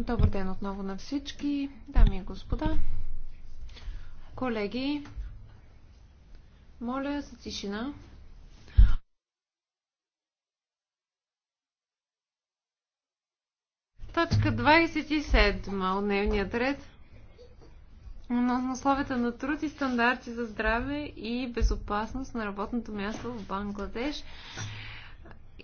Добър ден отново на всички, дами и господа, колеги. Моля за тишина. Точка 27 от дневният ред на условията на труд и стандарти за здраве и безопасност на работното място в Бангладеш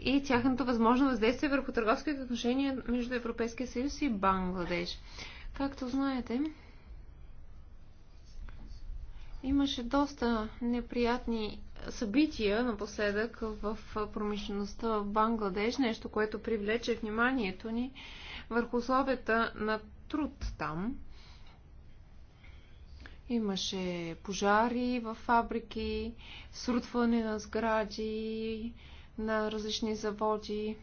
и тяхното възможно въздействие върху търговските отношения между Европейския съюз и Бангладеш. Както знаете, имаше доста неприятни събития напоследък в промишлеността в Бангладеш, нещо, което привлече вниманието ни върху условията на труд там. Имаше пожари в фабрики, срутване на сгради, на различни заводи.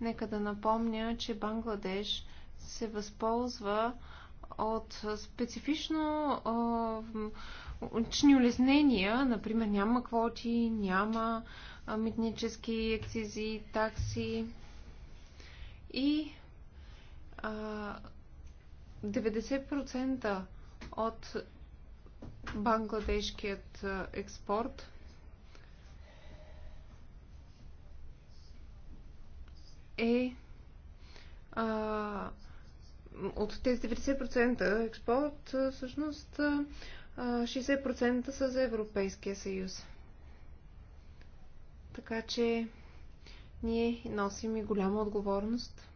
Нека да напомня, че Бангладеш се възползва от специфично учни улеснения. Например, няма квоти, няма митнически екцизи, такси. И а, 90% от бангладешкият експорт е а, от тези 90% експорт, всъщност 60% са за Европейския съюз. Така че ние носим и голяма отговорност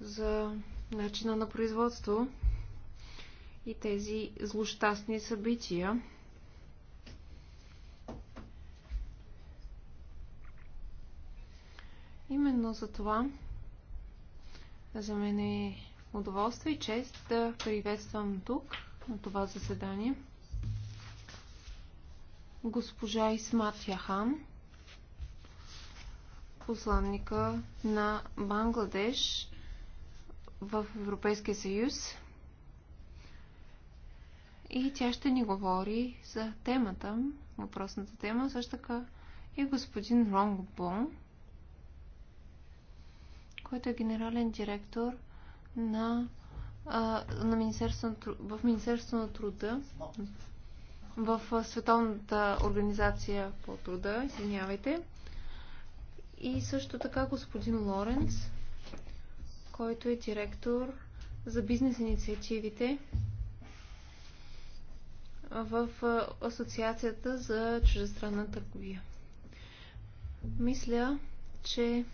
за начина на производство и тези злощастни събития, Именно за това за мен е удоволствие и чест да приветствам тук на това заседание госпожа Исмат Яхан, посланника на Бангладеш в Европейския съюз. И тя ще ни говори за темата, въпросната тема, също така и господин Ронг Бонг, който е генерален директор на, а, на Министерство на, в Министерство на труда в Световната организация по труда, извинявайте. И също така господин Лоренц, който е директор за бизнес инициативите в Асоциацията за чуждестранна търговия. Мисля, че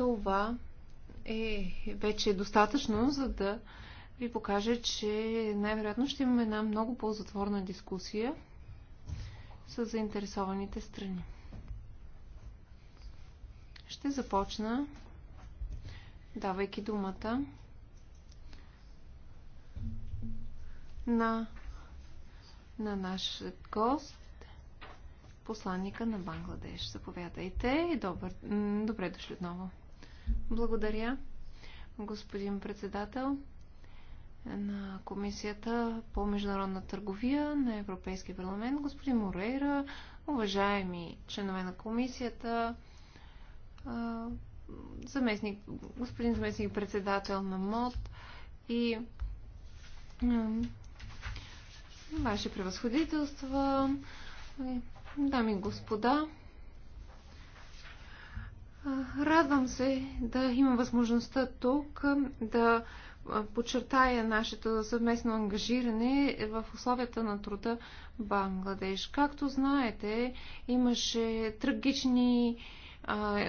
това е вече достатъчно, за да ви покажа, че най-вероятно ще имаме една много по-затворна дискусия с заинтересованите страни. Ще започна, давайки думата на, на наш гост, посланника на Бангладеш. Заповядайте и добър, добре дошли отново. Благодаря, господин председател на Комисията по международна търговия на Европейския парламент, господин Морейра, уважаеми членове на Комисията, заместник, господин заместник председател на МОД и Ваше превъзходителство, дами и господа, Радвам се да имам възможността тук да подчертая нашето съвместно ангажиране в условията на труда Бангладеш. Както знаете, имаше трагични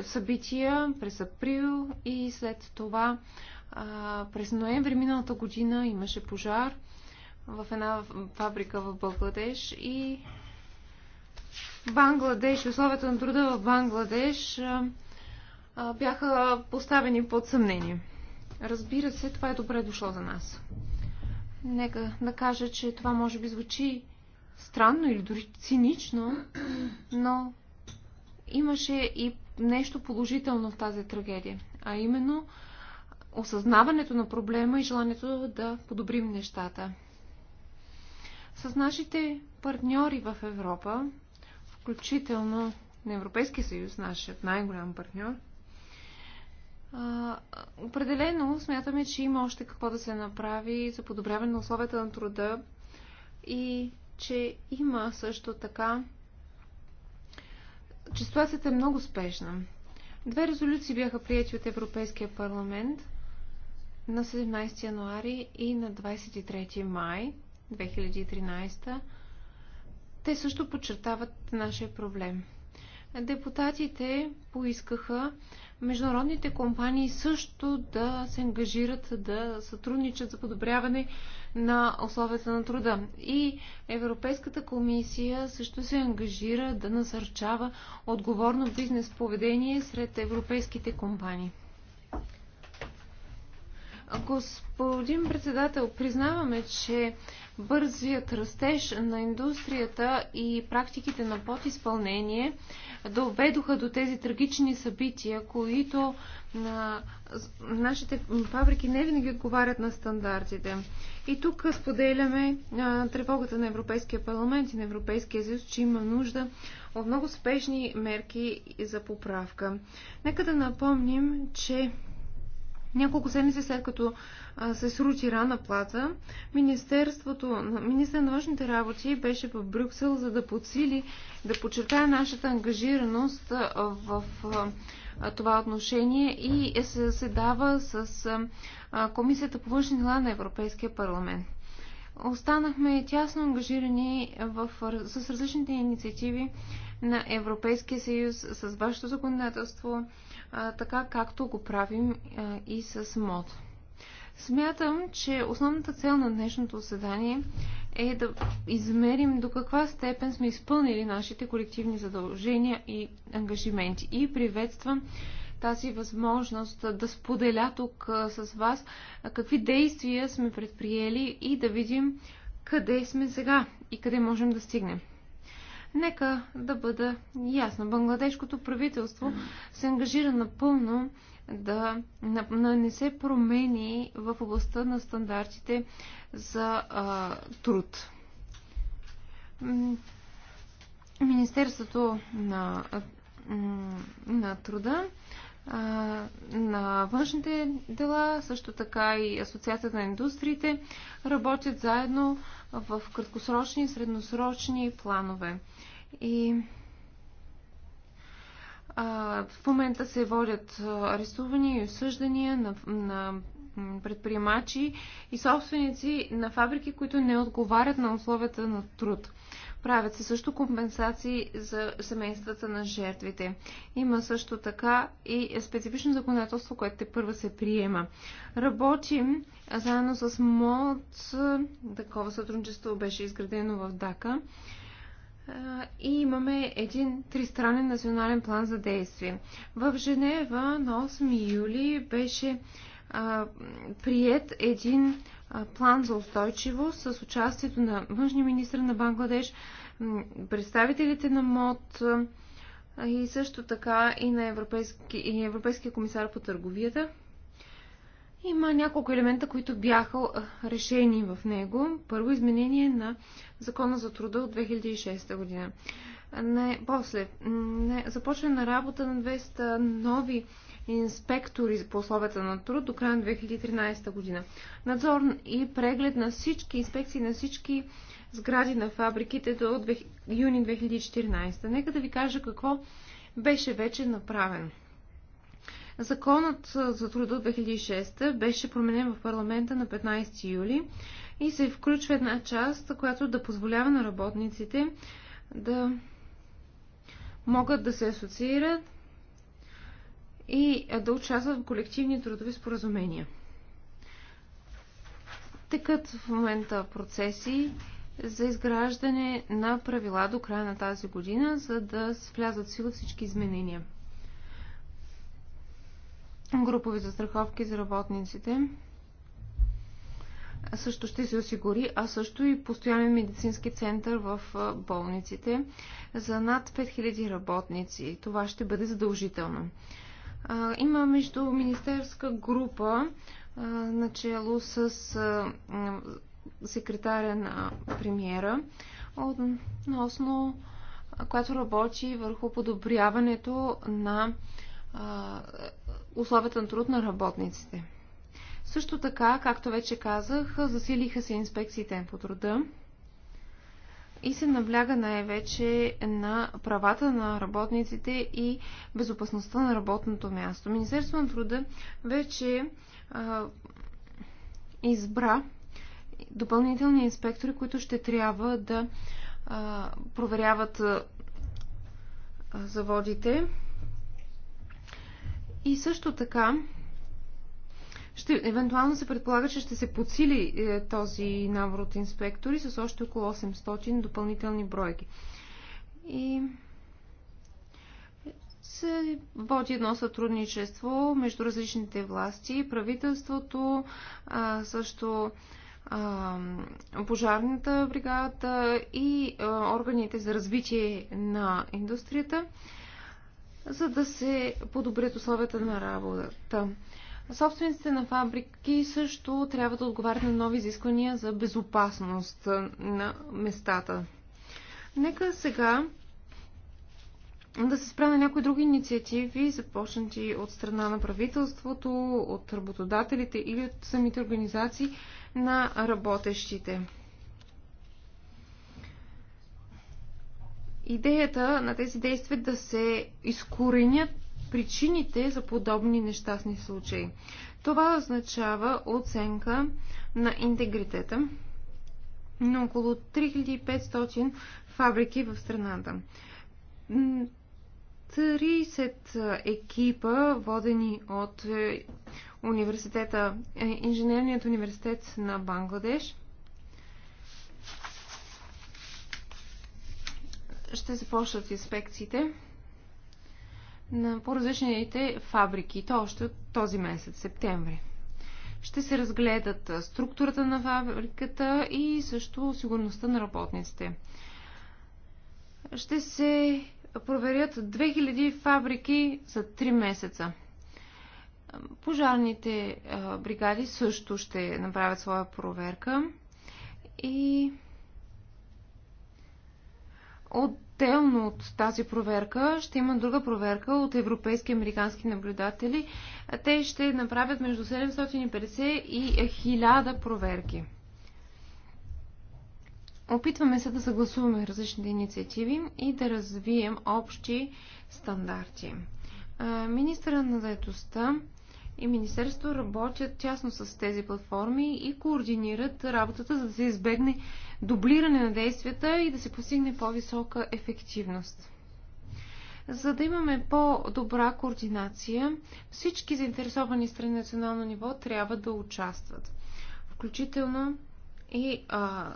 събития през април и след това през ноември миналата година имаше пожар в една фабрика в Бангладеш и Бангладеш, условията на труда в Бангладеш а, бяха поставени под съмнение. Разбира се, това е добре дошло за нас. Нека да кажа, че това може би звучи странно или дори цинично, но имаше и нещо положително в тази трагедия, а именно осъзнаването на проблема и желанието да подобрим нещата. С нашите партньори в Европа, включително на Европейския съюз, нашият най-голям партньор, а, определено смятаме, че има още какво да се направи за подобряване на условията на труда и че има също така, че ситуацията е много спешна. Две резолюции бяха прияти от Европейския парламент на 17 януари и на 23 май 2013. Те също подчертават нашия проблем депутатите поискаха международните компании също да се ангажират да сътрудничат за подобряване на условията на труда. И Европейската комисия също се ангажира да насърчава отговорно бизнес поведение сред европейските компании. Господин председател, признаваме, че бързият растеж на индустрията и практиките на подизпълнение доведоха до тези трагични събития, които на нашите фабрики не винаги отговарят на стандартите. И тук споделяме тревогата на Европейския парламент и на Европейския съюз, че има нужда от много спешни мерки за поправка. Нека да напомним, че няколко седмици след като се срути Рана Плата, Министерството, министър на външните работи беше в Брюксел, за да подсили, да подчертая нашата ангажираност в това отношение и е, се, се дава с Комисията по външни дела на Европейския парламент. Останахме тясно ангажирани в, с различните инициативи на Европейския съюз, с вашето законодателство, така както го правим и с МОД. Смятам, че основната цел на днешното заседание е да измерим до каква степен сме изпълнили нашите колективни задължения и ангажименти. И приветствам тази възможност да споделя тук с вас какви действия сме предприели и да видим къде сме сега и къде можем да стигнем. Нека да бъда ясна. Бангладешкото правителство се ангажира напълно да не се промени в областта на стандартите за а, труд. Министерството на, на труда на външните дела, също така и Асоциацията на индустриите работят заедно в краткосрочни и средносрочни планове. И а, в момента се водят арестувания и осъждания на, на предприемачи и собственици на фабрики, които не отговарят на условията на труд. Правят се също компенсации за семействата на жертвите. Има също така и специфично законодателство, което те първо се приема. Работим заедно с МОД. Такова сътрудничество беше изградено в ДАКА. И имаме един тристранен национален план за действие. В Женева на 8 юли беше прият един план за устойчивост с участието на външния министр на Бангладеш, представителите на МОД и също така и на европейски, и Европейския комисар по търговията. Има няколко елемента, които бяха решени в него. Първо изменение на Закона за труда от 2006 година. Не, после не, започна на работа на 200 нови инспектори по условията на труд до края на 2013 година. Надзор и преглед на всички инспекции на всички сгради на фабриките до юни 2014. Нека да ви кажа какво беше вече направено. Законът за труда 2006 беше променен в парламента на 15 юли и се включва една част, която да позволява на работниците да могат да се асоциират и да участват в колективни трудови споразумения. Текат в момента процеси за изграждане на правила до края на тази година, за да влязат в сила всички изменения. Групови застраховки за работниците също ще се осигури, а също и постоянен медицински център в болниците за над 5000 работници. Това ще бъде задължително. А, има междуминистерска група а, начало с а, секретаря на премиера относно която работи върху подобряването на а, условията на труд на работниците. Също така, както вече казах, засилиха се инспекциите по труда и се набляга най-вече на правата на работниците и безопасността на работното място. Министерството на труда вече а, избра допълнителни инспектори, които ще трябва да а, проверяват а, заводите. И също така ще, евентуално се предполага, че ще се подсили е, този набор от инспектори с още около 800 допълнителни бройки. И се води едно сътрудничество между различните власти, правителството, а, също а, пожарната бригада и а, органите за развитие на индустрията, за да се подобрят условията на работата. Собствениците на фабрики също трябва да отговарят на нови изисквания за безопасност на местата. Нека сега да се спра на някои други инициативи, започнати от страна на правителството, от работодателите или от самите организации на работещите. Идеята на тези действия е да се изкоренят причините за подобни нещастни случаи. Това означава оценка на интегритета на около 3500 фабрики в страната. 30 екипа, водени от е, университета, е, Инженерният университет на Бангладеш, ще започнат инспекциите на по различните фабрики, то още от този месец, септември. Ще се разгледат структурата на фабриката и също сигурността на работниците. Ще се проверят 2000 фабрики за 3 месеца. Пожарните бригади също ще направят своя проверка и от отделно от тази проверка ще има друга проверка от европейски и американски наблюдатели. Те ще направят между 750 и 1000 проверки. Опитваме се да съгласуваме различните инициативи и да развием общи стандарти. Министъра на заедостта и Министерство работят тясно с тези платформи и координират работата, за да се избегне дублиране на действията и да се постигне по-висока ефективност. За да имаме по-добра координация, всички заинтересовани страни на национално ниво трябва да участват. Включително и а,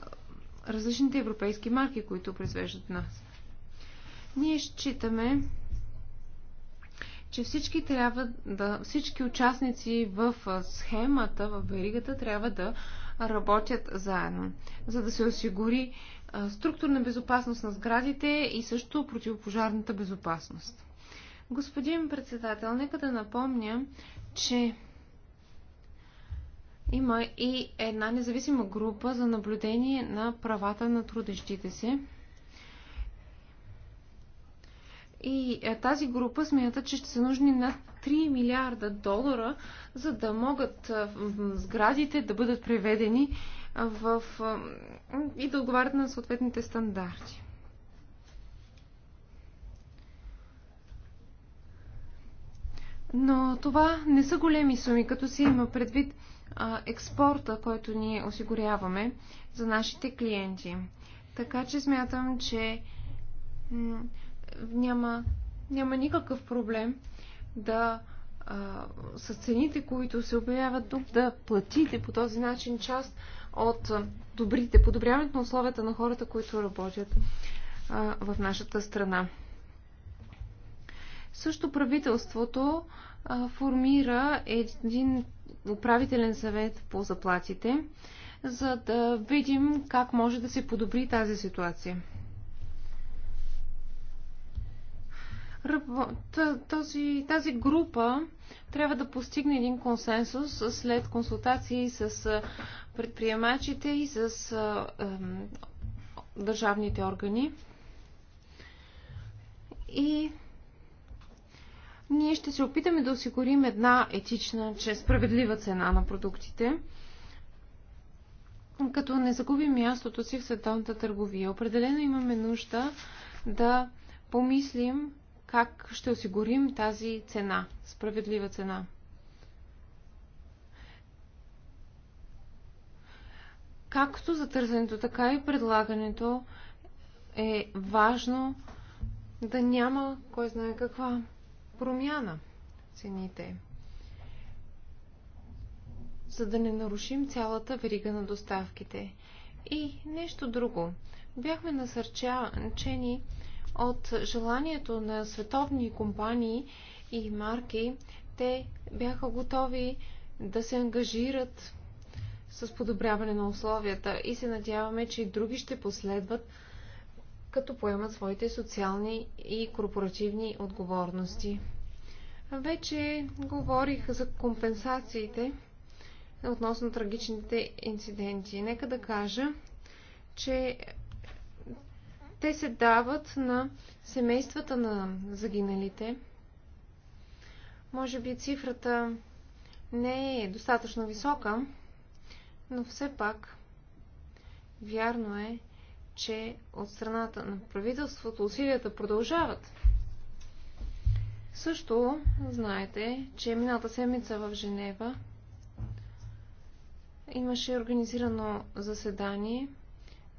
различните европейски марки, които произвеждат нас. Ние считаме, че всички трябва да, всички участници в схемата, в веригата трябва да работят заедно, за да се осигури структурна безопасност на сградите и също противопожарната безопасност. Господин председател, нека да напомня, че има и една независима група за наблюдение на правата на трудещите се. И е, тази група смята, че ще са нужни над 3 милиарда долара, за да могат сградите да бъдат преведени в, и да отговарят на съответните стандарти. Но това не са големи суми, като си има предвид а, експорта, който ние осигуряваме за нашите клиенти. Така че смятам, че няма, няма никакъв проблем да а, с цените, които се обявяват тук, да платите по този начин част от добрите, подобряването на условията на хората, които работят а, в нашата страна. Също правителството а, формира един управителен съвет по заплатите, за да видим как може да се подобри тази ситуация. този, тази група трябва да постигне един консенсус след консултации с предприемачите и с държавните органи. И ние ще се опитаме да осигурим една етична, че справедлива цена на продуктите, като не загубим мястото си в световната търговия. Определено имаме нужда да помислим как ще осигурим тази цена, справедлива цена. Както за търсенето, така и предлагането е важно да няма кой знае каква промяна цените, за да не нарушим цялата верига на доставките. И нещо друго. Бяхме насърчени от желанието на световни компании и марки. Те бяха готови да се ангажират с подобряване на условията и се надяваме, че и други ще последват, като поемат своите социални и корпоративни отговорности. Вече говорих за компенсациите относно трагичните инциденти. Нека да кажа, че те се дават на семействата на загиналите. Може би цифрата не е достатъчно висока, но все пак вярно е, че от страната на правителството усилията продължават. Също знаете, че миналата седмица в Женева имаше организирано заседание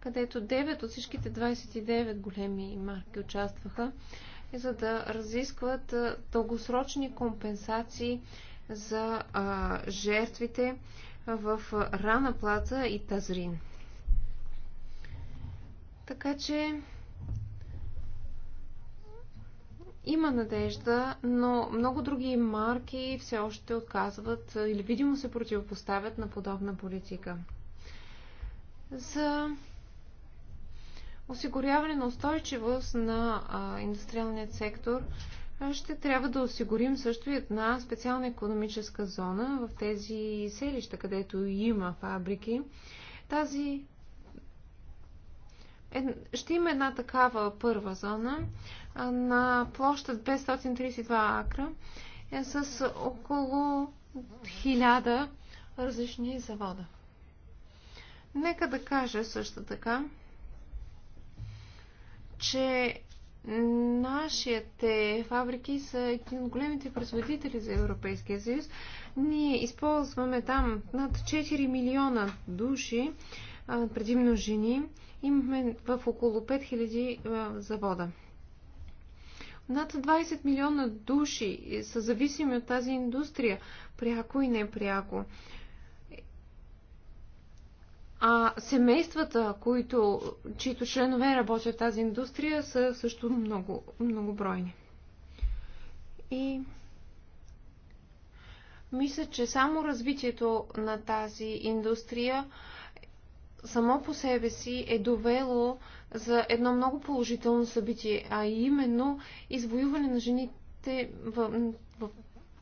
където 9 от всичките 29 големи марки участваха, за да разискват дългосрочни компенсации за а, жертвите в Рана Плаца и Тазрин. Така че има надежда, но много други марки все още отказват или видимо се противопоставят на подобна политика. За осигуряване на устойчивост на а, индустриалният сектор, ще трябва да осигурим също и една специална економическа зона в тези селища, където има фабрики. Тази ще има една такава първа зона на площа 532 акра е с около 1000 различни завода. Нека да кажа също така, че нашите фабрики са един от големите производители за Европейския съюз. Ние използваме там над 4 милиона души, предимно жени. Имаме в около 5000 завода. Над 20 милиона души са зависими от тази индустрия, пряко и непряко. А семействата, които, чието членове работят в тази индустрия, са също много, многобройни. И мисля, че само развитието на тази индустрия само по себе си е довело за едно много положително събитие, а именно извоюване на жените в, в,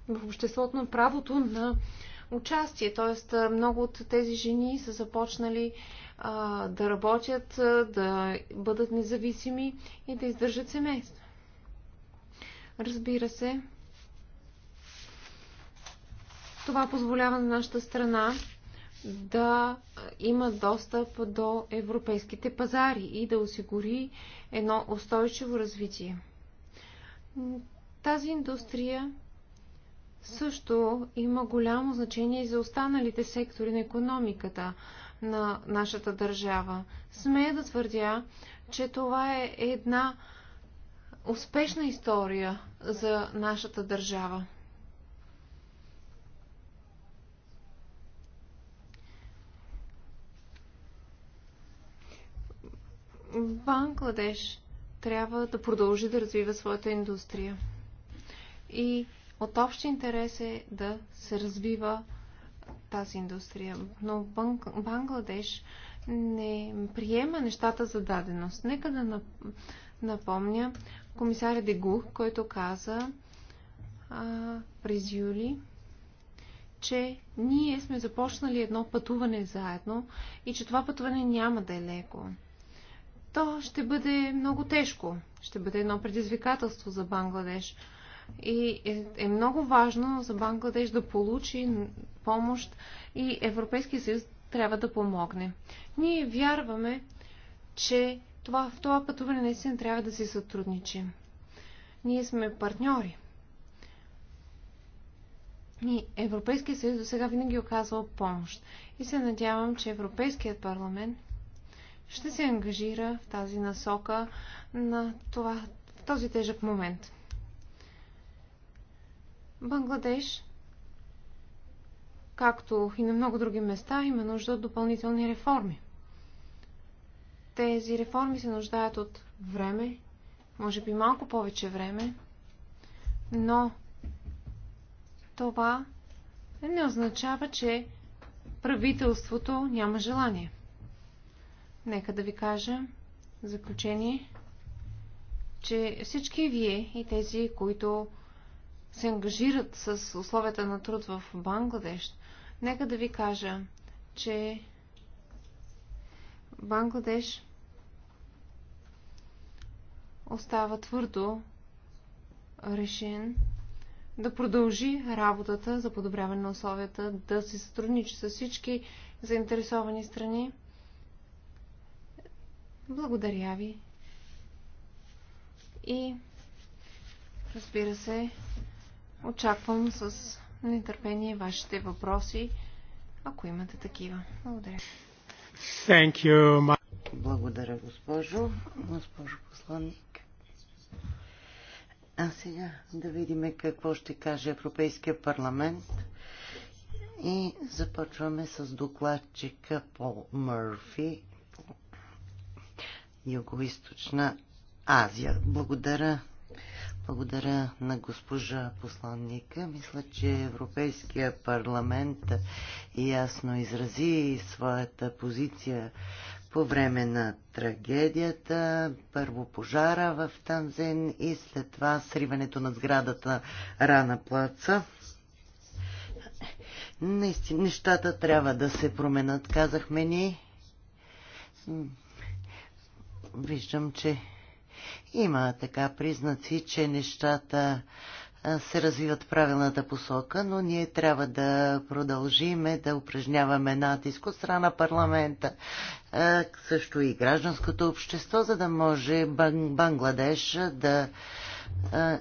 в обществото на правото на участие. Т.е. много от тези жени са започнали а, да работят, да бъдат независими и да издържат семейство. Разбира се, това позволява на нашата страна да има достъп до европейските пазари и да осигури едно устойчиво развитие. Тази индустрия също има голямо значение и за останалите сектори на економиката на нашата държава. Смея да твърдя, че това е една успешна история за нашата държава. Бангладеш трябва да продължи да развива своята индустрия. И от общ интерес е да се развива тази индустрия. Но Банг... Бангладеш не приема нещата за даденост. Нека да напомня комисаря Дегух, който каза а, през юли, че ние сме започнали едно пътуване заедно и че това пътуване няма да е леко. То ще бъде много тежко. Ще бъде едно предизвикателство за Бангладеш – и е, е много важно за Бангладеш да получи помощ и Европейския съюз трябва да помогне. Ние вярваме, че това, в това пътуване наистина трябва да си сътрудничим. Ние сме партньори. И Европейския съюз до сега винаги е оказва помощ. И се надявам, че Европейският парламент ще се ангажира в тази насока на това, в този тежък момент. Бангладеш, както и на много други места, има нужда от допълнителни реформи. Тези реформи се нуждаят от време, може би малко повече време, но това не означава, че правителството няма желание. Нека да ви кажа в заключение, че всички вие и тези, които се ангажират с условията на труд в Бангладеш, нека да ви кажа, че Бангладеш остава твърдо решен да продължи работата за подобряване на условията, да се сътрудничи с всички заинтересовани страни. Благодаря ви. И разбира се, Очаквам с нетърпение вашите въпроси, ако имате такива. Благодаря. Thank you, Благодаря, госпожо. Госпожо посланник. А сега да видим какво ще каже Европейския парламент. И започваме с докладчика Пол Мърфи, Юго-Источна Азия. Благодаря благодаря на госпожа посланника. Мисля, че Европейския парламент ясно изрази своята позиция по време на трагедията, първо пожара в Танзен и след това сриването на сградата Рана Плаца. Наистина, нещата трябва да се променят, казахме ни. Виждам, че има така признаци, че нещата се развиват в правилната посока, но ние трябва да продължиме да упражняваме натиск от страна парламента, също и гражданското общество, за да може Бангладеш да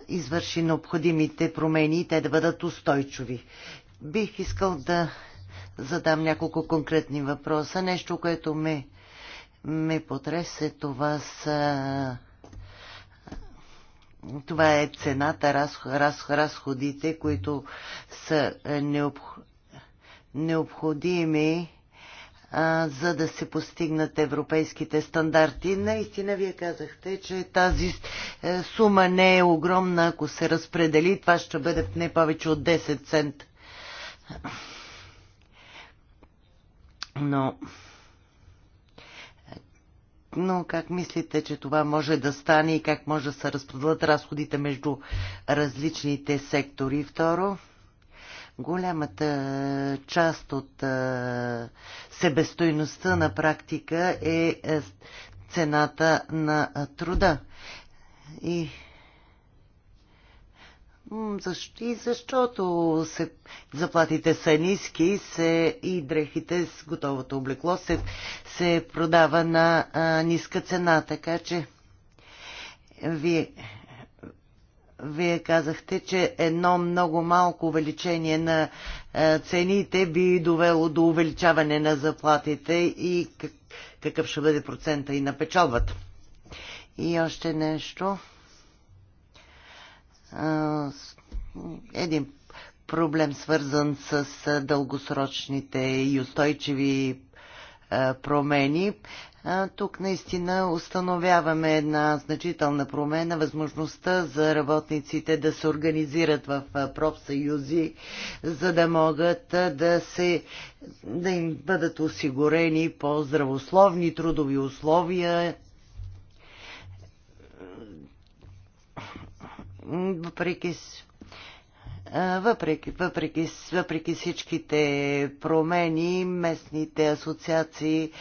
извърши необходимите промени и те да бъдат устойчиви. Бих искал да задам няколко конкретни въпроса. Нещо, което ме, ме потресе, това са това е цената, раз, раз, разходите, които са е, необходими за да се постигнат европейските стандарти. Наистина, вие казахте, че тази е, сума не е огромна, ако се разпредели, това ще бъде не повече от 10 цент. Но но как мислите, че това може да стане и как може да се разпределят разходите между различните сектори? Второ, голямата част от себестойността на практика е, е цената на труда. И защо? И защото се, заплатите са ниски се, и дрехите с готовото облекло се, се продава на а, ниска цена. Така че вие, вие казахте, че едно много малко увеличение на а, цените би довело до увеличаване на заплатите и как, какъв ще бъде процента и на печалбата. И още нещо един проблем свързан с дългосрочните и устойчиви промени. Тук наистина установяваме една значителна промена, възможността за работниците да се организират в профсъюзи, за да могат да, се, да им бъдат осигурени по-здравословни трудови условия въпреки въпреки, въпреки, въпреки всичките промени, местните асоциации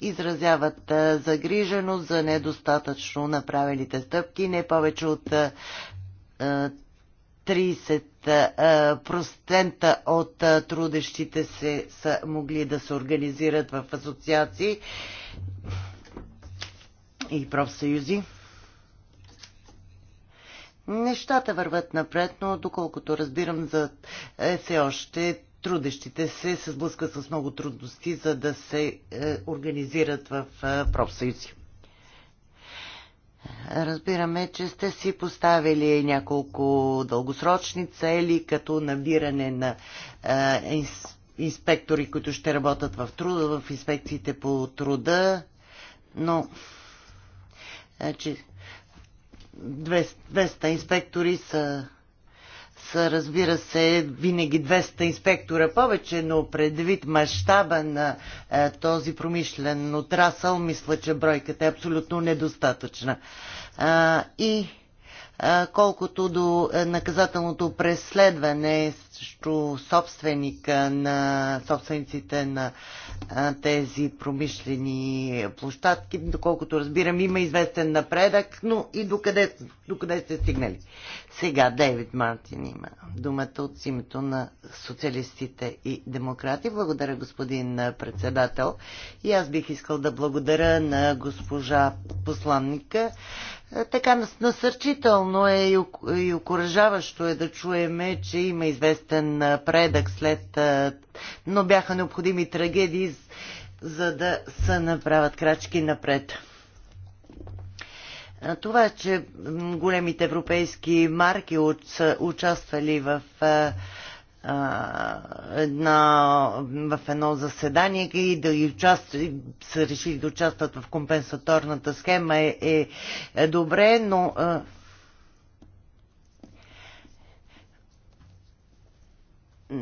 изразяват загриженост за недостатъчно направените стъпки, не повече от 30% от трудещите се са могли да се организират в асоциации и профсъюзи. Нещата върват напред, но доколкото разбирам, за е, все още трудещите се се сблъскат с много трудности, за да се е, организират в е, профсъюзи. Разбираме, че сте си поставили няколко дългосрочни цели, като набиране на е, инспектори, които ще работят в труда, в инспекциите по труда, но че значи, 200 инспектори са, са, разбира се, винаги 200 инспектора повече, но предвид мащаба на е, този промишлен отрасъл, мисля, че бройката е абсолютно недостатъчна. А, и Колкото до е, наказателното преследване срещу собственика на собствениците на тези промишлени площадки, доколкото разбирам, има известен напредък, но и докъде, докъде сте стигнали. Сега Дейвид Мартин има думата от името на социалистите и демократи. Благодаря, господин председател. И аз бих искал да благодаря на госпожа посланника е, така насърчително е и окоръжаващо е да чуеме, че има известен предък след, е, но бяха необходими трагедии, за да се направят крачки напред. Е, това, че големите европейски марки са участвали в една, в едно заседание и да участват, са решили да участват в компенсаторната схема е, е, е добре, но е,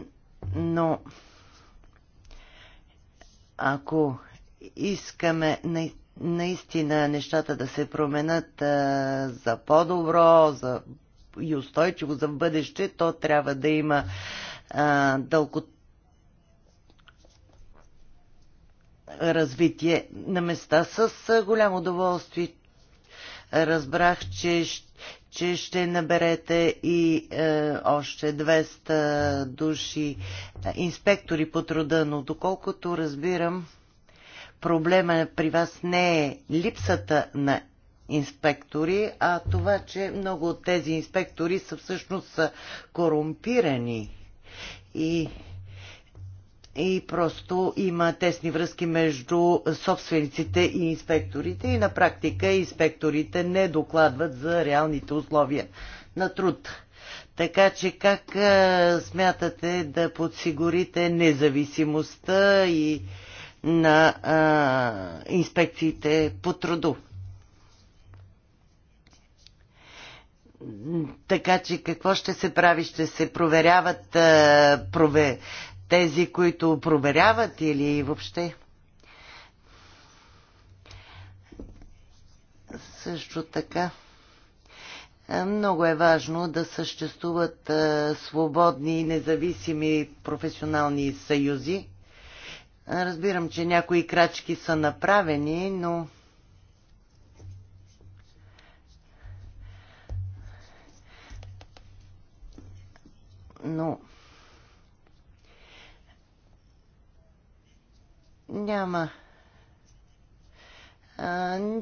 но ако искаме на, наистина нещата да се променят е, за по-добро, за и устойчиво за бъдеще, то трябва да има е, дълго развитие на места. С голямо удоволствие разбрах, че, че ще наберете и е, още 200 души инспектори по труда, но доколкото разбирам, проблема при вас не е липсата на инспектори, а това, че много от тези инспектори са всъщност корумпирани и и просто има тесни връзки между собствениците и инспекторите и на практика инспекторите не докладват за реалните условия на труд. Така че как смятате да подсигурите независимостта и на а, инспекциите по труду? Така че какво ще се прави? Ще се проверяват а, прове, тези, които проверяват или въобще? Също така. Много е важно да съществуват а, свободни и независими професионални съюзи. Разбирам, че някои крачки са направени, но но няма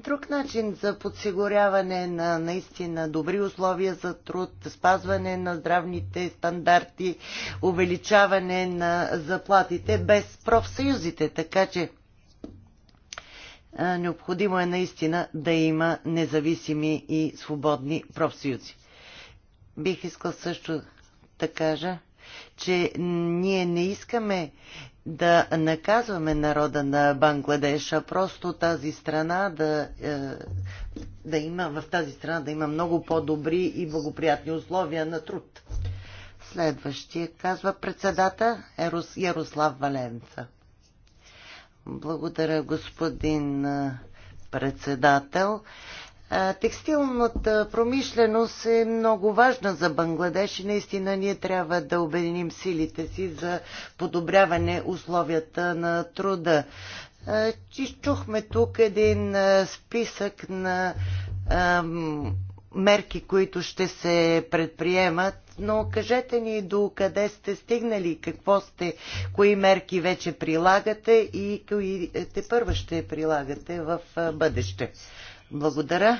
друг начин за подсигуряване на наистина добри условия за труд, спазване на здравните стандарти, увеличаване на заплатите без профсъюзите. Така че необходимо е наистина да има независими и свободни профсъюзи. Бих искал също да кажа, че ние не искаме да наказваме народа на Бангладеш, а просто тази страна да, е, да има, в тази страна да има много по-добри и благоприятни условия на труд. Следващия казва председата Ярослав Валенца. Благодаря, господин е, председател. Текстилната промишленост е много важна за Бангладеш и наистина ние трябва да обединим силите си за подобряване условията на труда. Чухме тук един списък на мерки, които ще се предприемат, но кажете ни до къде сте стигнали, какво сте, кои мерки вече прилагате и кои е, те първа ще прилагате в бъдеще. Благодаря.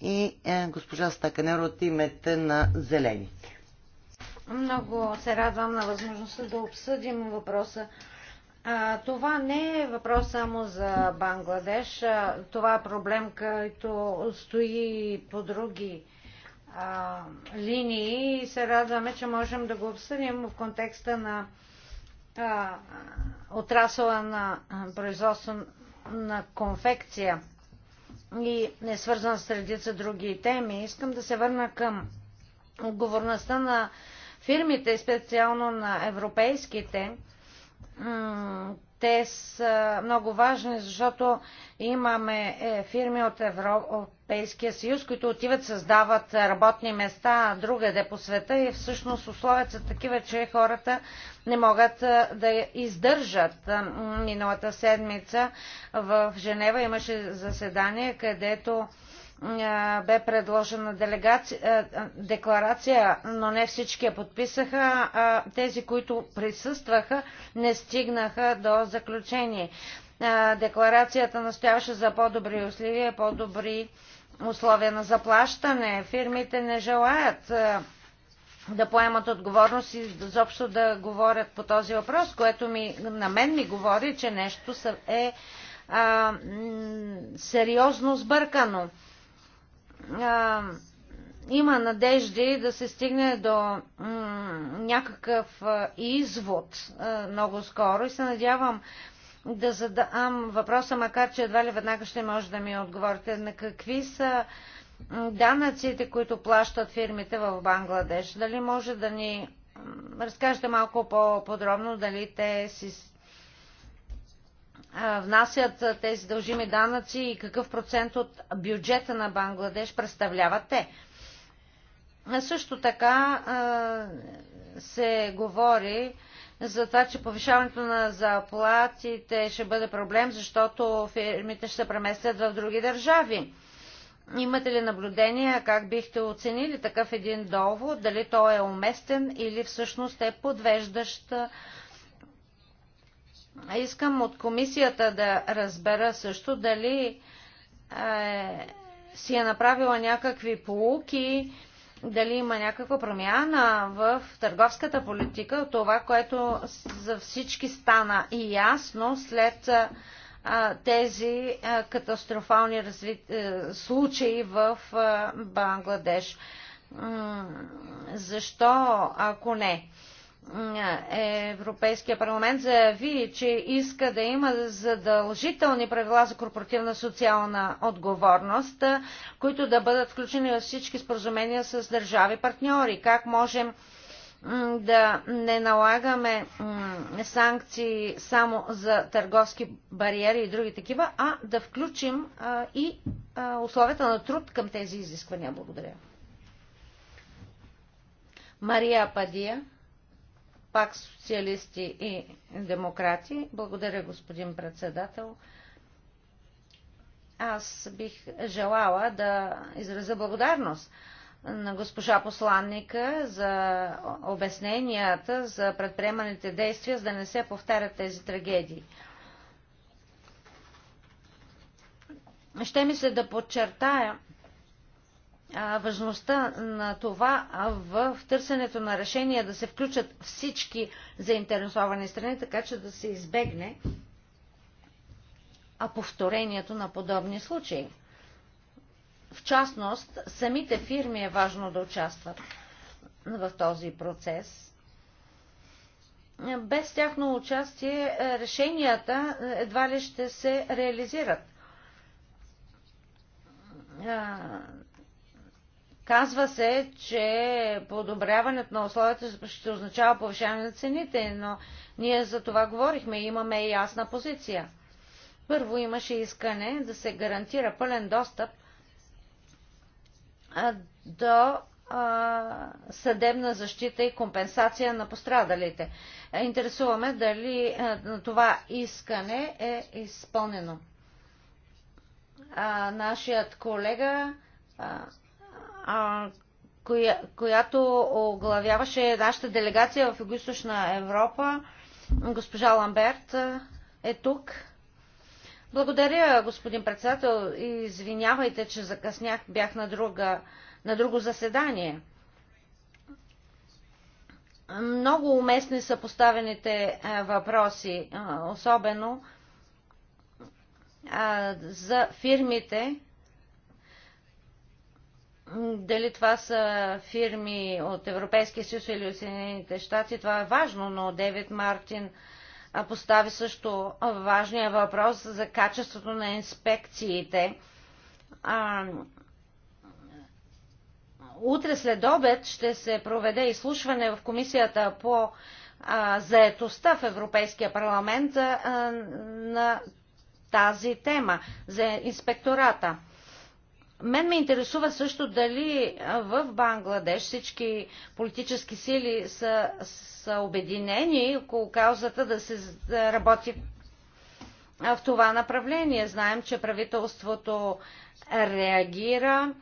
И е, госпожа Стаканер от името на Зелените. Много се радвам на възможността да обсъдим въпроса. А, това не е въпрос само за Бангладеш. А, това е проблем, който стои по други а, линии и се радваме, че можем да го обсъдим в контекста на а, отрасъла на производство на конфекция и не свързан с редица други теми. Искам да се върна към отговорността на фирмите, специално на европейските, те са много важни, защото имаме е, фирми от Европейския съюз, които отиват, създават работни места другаде по света и всъщност условията са такива, че хората не могат е, да издържат. Миналата седмица в Женева имаше заседание, където е, бе предложена делегация, е, е, декларация, но не всички я подписаха. А тези, които присъстваха, не стигнаха до заключение. Декларацията настояваше за по-добри условия, по-добри условия на заплащане. Фирмите не желаят да поемат отговорност и изобщо да говорят по този въпрос, което ми, на мен ми говори, че нещо е а, сериозно сбъркано а, има надежди да се стигне до някакъв извод а, много скоро и се надявам да задам въпроса, макар че едва ли веднага ще може да ми отговорите. На какви са данъците, които плащат фирмите в Бангладеш? Дали може да ни разкажете малко по-подробно дали те си внасят тези дължими данъци и какъв процент от бюджета на Бангладеш представляват те. Също така се говори за това, че повишаването на заплатите ще бъде проблем, защото фирмите ще се преместят в други държави. Имате ли наблюдения как бихте оценили такъв един довод, дали той е уместен или всъщност е подвеждащ Искам от комисията да разбера също дали е, си е направила някакви полуки, дали има някаква промяна в търговската политика, това, което за всички стана и ясно след а, тези а, катастрофални разви... Е, случаи в а, Бангладеш. М защо, ако не? Е, Европейския парламент заяви, че иска да има задължителни правила за корпоративна социална отговорност, които да бъдат включени във всички споразумения с държави партньори. Как можем да не налагаме санкции само за търговски бариери и други такива, а да включим и условията на труд към тези изисквания. Благодаря. Мария Падия пак социалисти и демократи. Благодаря, господин председател. Аз бих желала да изразя благодарност на госпожа посланника за обясненията, за предприеманите действия, за да не се повтарят тези трагедии. Ще ми се да подчертая, важността на това в търсенето на решение да се включат всички заинтересовани страни, така че да се избегне повторението на подобни случаи. В частност, самите фирми е важно да участват в този процес. Без тяхно участие е, решенията е, едва ли ще се реализират Казва се, че подобряването на условията ще означава повишаване на цените, но ние за това говорихме и имаме ясна позиция. Първо имаше искане да се гарантира пълен достъп до съдебна защита и компенсация на пострадалите. Интересуваме дали това искане е изпълнено. нашият колега коя, която оглавяваше нашата делегация в юго Европа. Госпожа Ламберт е тук. Благодаря, господин председател. Извинявайте, че закъснях. Бях на, друга, на друго заседание. Много уместни са поставените е, въпроси, е, особено е, за фирмите, дали това са фирми от Европейския съюз или от Съединените щати, това е важно, но Девид Мартин постави също важния въпрос за качеството на инспекциите. А, утре след обед ще се проведе изслушване в комисията по а, заетостта в Европейския парламент а, на тази тема за инспектората. Мен ме интересува също дали в Бангладеш всички политически сили са, са обединени около каузата да се работи в това направление. Знаем, че правителството реагира.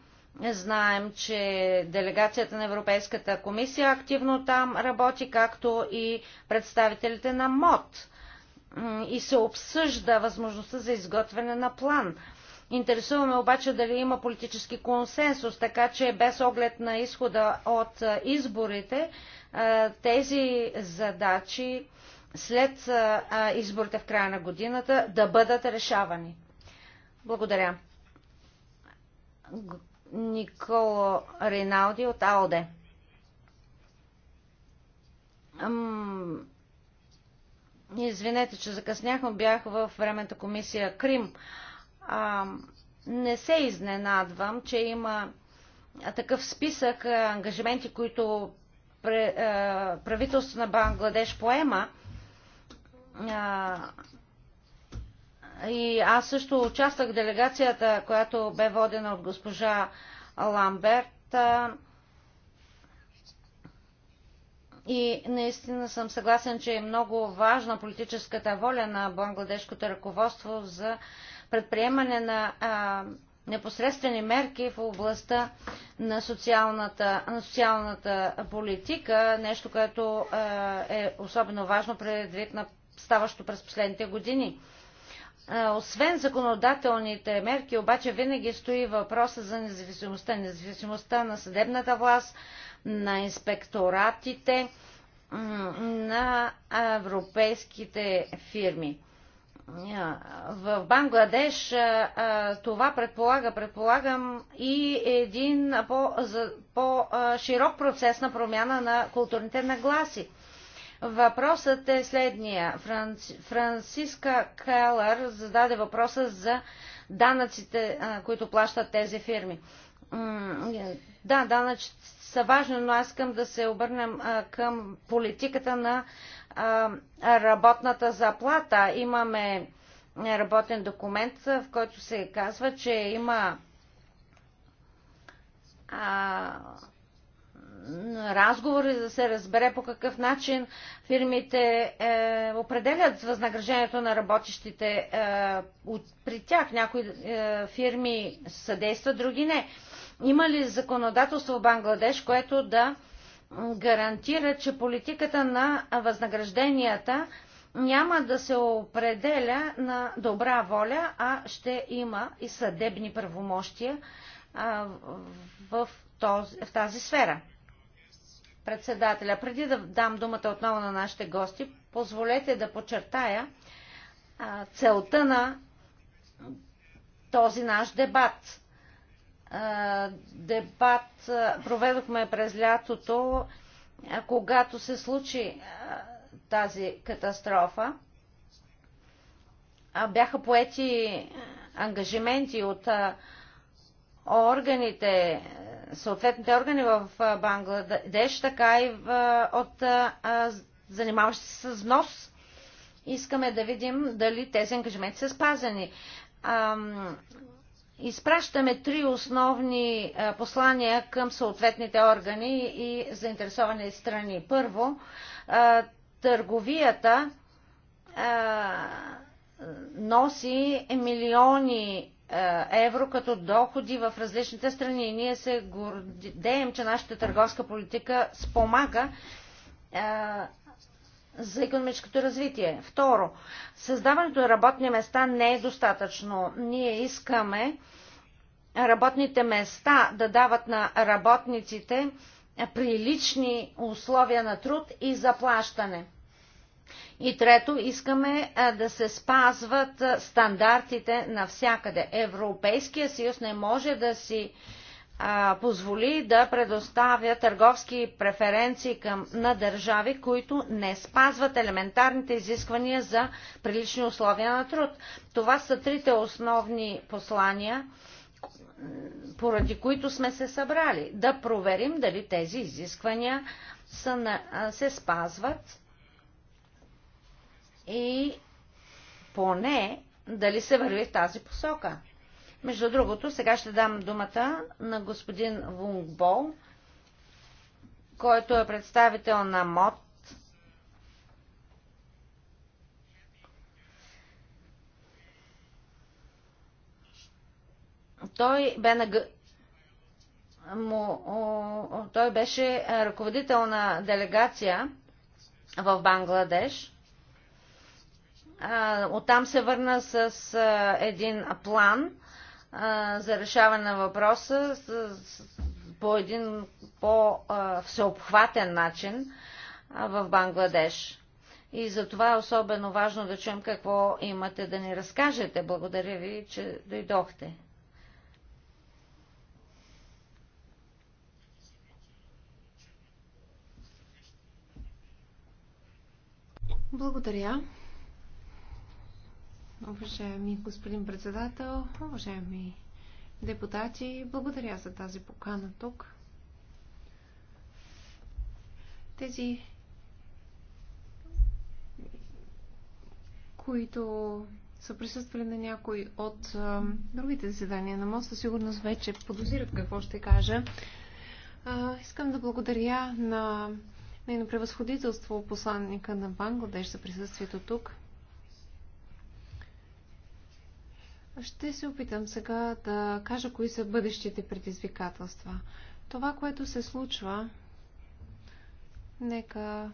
Знаем, че делегацията на Европейската комисия активно там работи, както и представителите на МОД. И се обсъжда възможността за изготвяне на план. Интересуваме обаче дали има политически консенсус, така че без оглед на изхода от изборите, тези задачи след изборите в края на годината да бъдат решавани. Благодаря. Николо Риналди от АОДЕ. Извинете, че закъсняхме, бях в времето комисия Крим. А, не се изненадвам, че има такъв списък ангажименти, които правителството на Бангладеш поема. И аз също участвах в делегацията, която бе водена от госпожа Ламберт. И наистина съм съгласен, че е много важна политическата воля на бангладешкото ръководство за предприемане на а, непосредствени мерки в областта на социалната, на социалната политика, нещо, което а, е особено важно предвид на ставащо през последните години. Освен законодателните мерки, обаче винаги стои въпроса за независимостта. Независимостта на съдебната власт, на инспекторатите, на европейските фирми. В Бангладеш това предполага, предполагам, и един по-широк по процес на промяна на културните нагласи. Въпросът е следния. Франци... Франциска Келър зададе въпроса за данъците, които плащат тези фирми. Да, данъците са важни, но аз искам да се обърнем към политиката на работната заплата. Имаме работен документ, в който се казва, че има а, разговори, за да се разбере по какъв начин фирмите е, определят възнаграждението на работещите е, от, при тях. Някои е, фирми съдействат, други не. Има ли законодателство в Бангладеш, което да е, гарантира, че политиката на възнагражденията няма да се определя на добра воля, а ще има и съдебни правомощия в, този, в тази сфера. Председателя, преди да дам думата отново на нашите гости, позволете да подчертая целта на този наш дебат дебат проведохме през лятото, когато се случи тази катастрофа. Бяха поети ангажименти от органите, съответните органи в Бангладеш, така и от занимаващи се с внос. Искаме да видим дали тези ангажименти са спазени изпращаме три основни послания към съответните органи и заинтересовани страни. Първо, търговията носи милиони евро като доходи в различните страни. Ние се гордеем, че нашата търговска политика спомага за економическото развитие. Второ, създаването на работни места не е достатъчно. Ние искаме работните места да дават на работниците прилични условия на труд и заплащане. И трето, искаме да се спазват стандартите навсякъде. Европейския съюз не може да си позволи да предоставя търговски преференции към, на държави, които не спазват елементарните изисквания за прилични условия на труд. Това са трите основни послания, поради които сме се събрали. Да проверим дали тези изисквания са на, се спазват и поне дали се върви в тази посока. Между другото, сега ще дам думата на господин Вунгбол, който е представител на МОД. Той бе на му, той беше ръководител на делегация в Бангладеш. Оттам се върна с един план – а, за решаване на въпроса с, с, по един по-всеобхватен начин а, в Бангладеш. И за това е особено важно да чуем какво имате да ни разкажете. Благодаря ви, че дойдохте. Благодаря. Уважаеми господин председател, уважаеми депутати, благодаря за тази покана тук. Тези, които са присъствали на някои от а, другите заседания на МОС, сигурност вече подозират какво ще кажа. А, искам да благодаря на нейно превъзходителство посланника на Бангладеш за присъствието тук. Ще се опитам сега да кажа кои са бъдещите предизвикателства. Това, което се случва, нека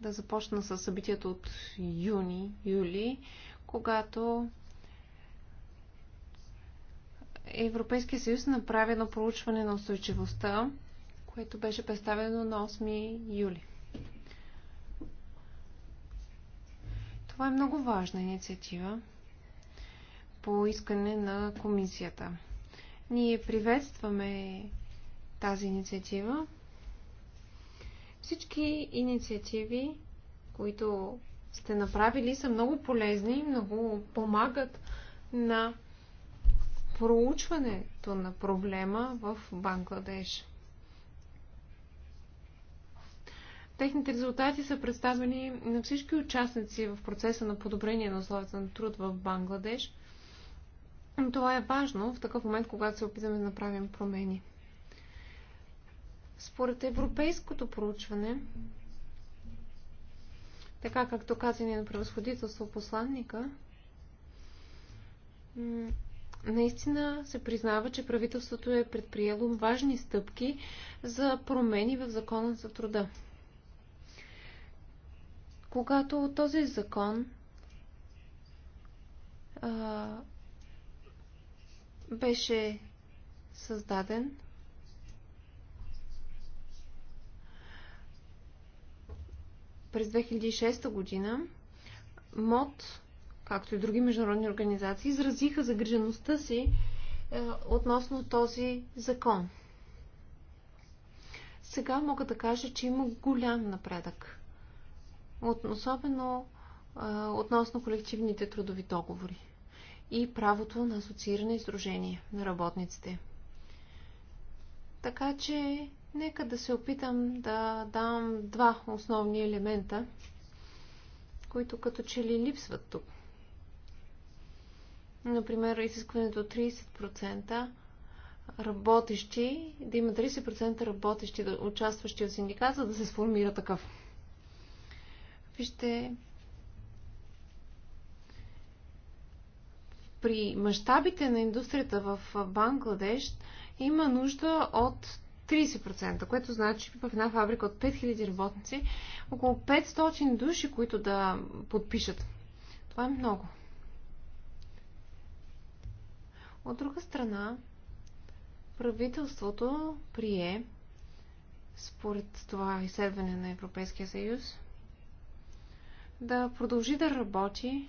да започна с събитието от юни, юли, когато Европейския съюз направи едно проучване на устойчивостта, което беше представено на 8 юли. Това е много важна инициатива по искане на комисията. Ние приветстваме тази инициатива. Всички инициативи, които сте направили, са много полезни, много помагат на проучването на проблема в Бангладеш. Техните резултати са представени на всички участници в процеса на подобрение на условията на труд в Бангладеш – това е важно в такъв момент, когато се опитаме да направим промени. Според европейското проучване, така както каза ни на превъзходителство посланника, наистина се признава, че правителството е предприело важни стъпки за промени в закона за труда. Когато този закон беше създаден през 2006 година МОД, както и други международни организации, изразиха загрижеността си е, относно този закон. Сега мога да кажа, че има голям напредък. От, особено е, относно колективните трудови договори и правото на асоцииране и сдружение на работниците. Така че, нека да се опитам да дам два основни елемента, които като че ли липсват тук. Например, изискването 30% работещи, да има 30% работещи, да участващи в синдикат, за да се сформира такъв. Вижте, при мащабите на индустрията в Бангладеш има нужда от 30%, което значи в една фабрика от 5000 работници, около 500 души, които да подпишат. Това е много. От друга страна, правителството прие, според това изследване на Европейския съюз, да продължи да работи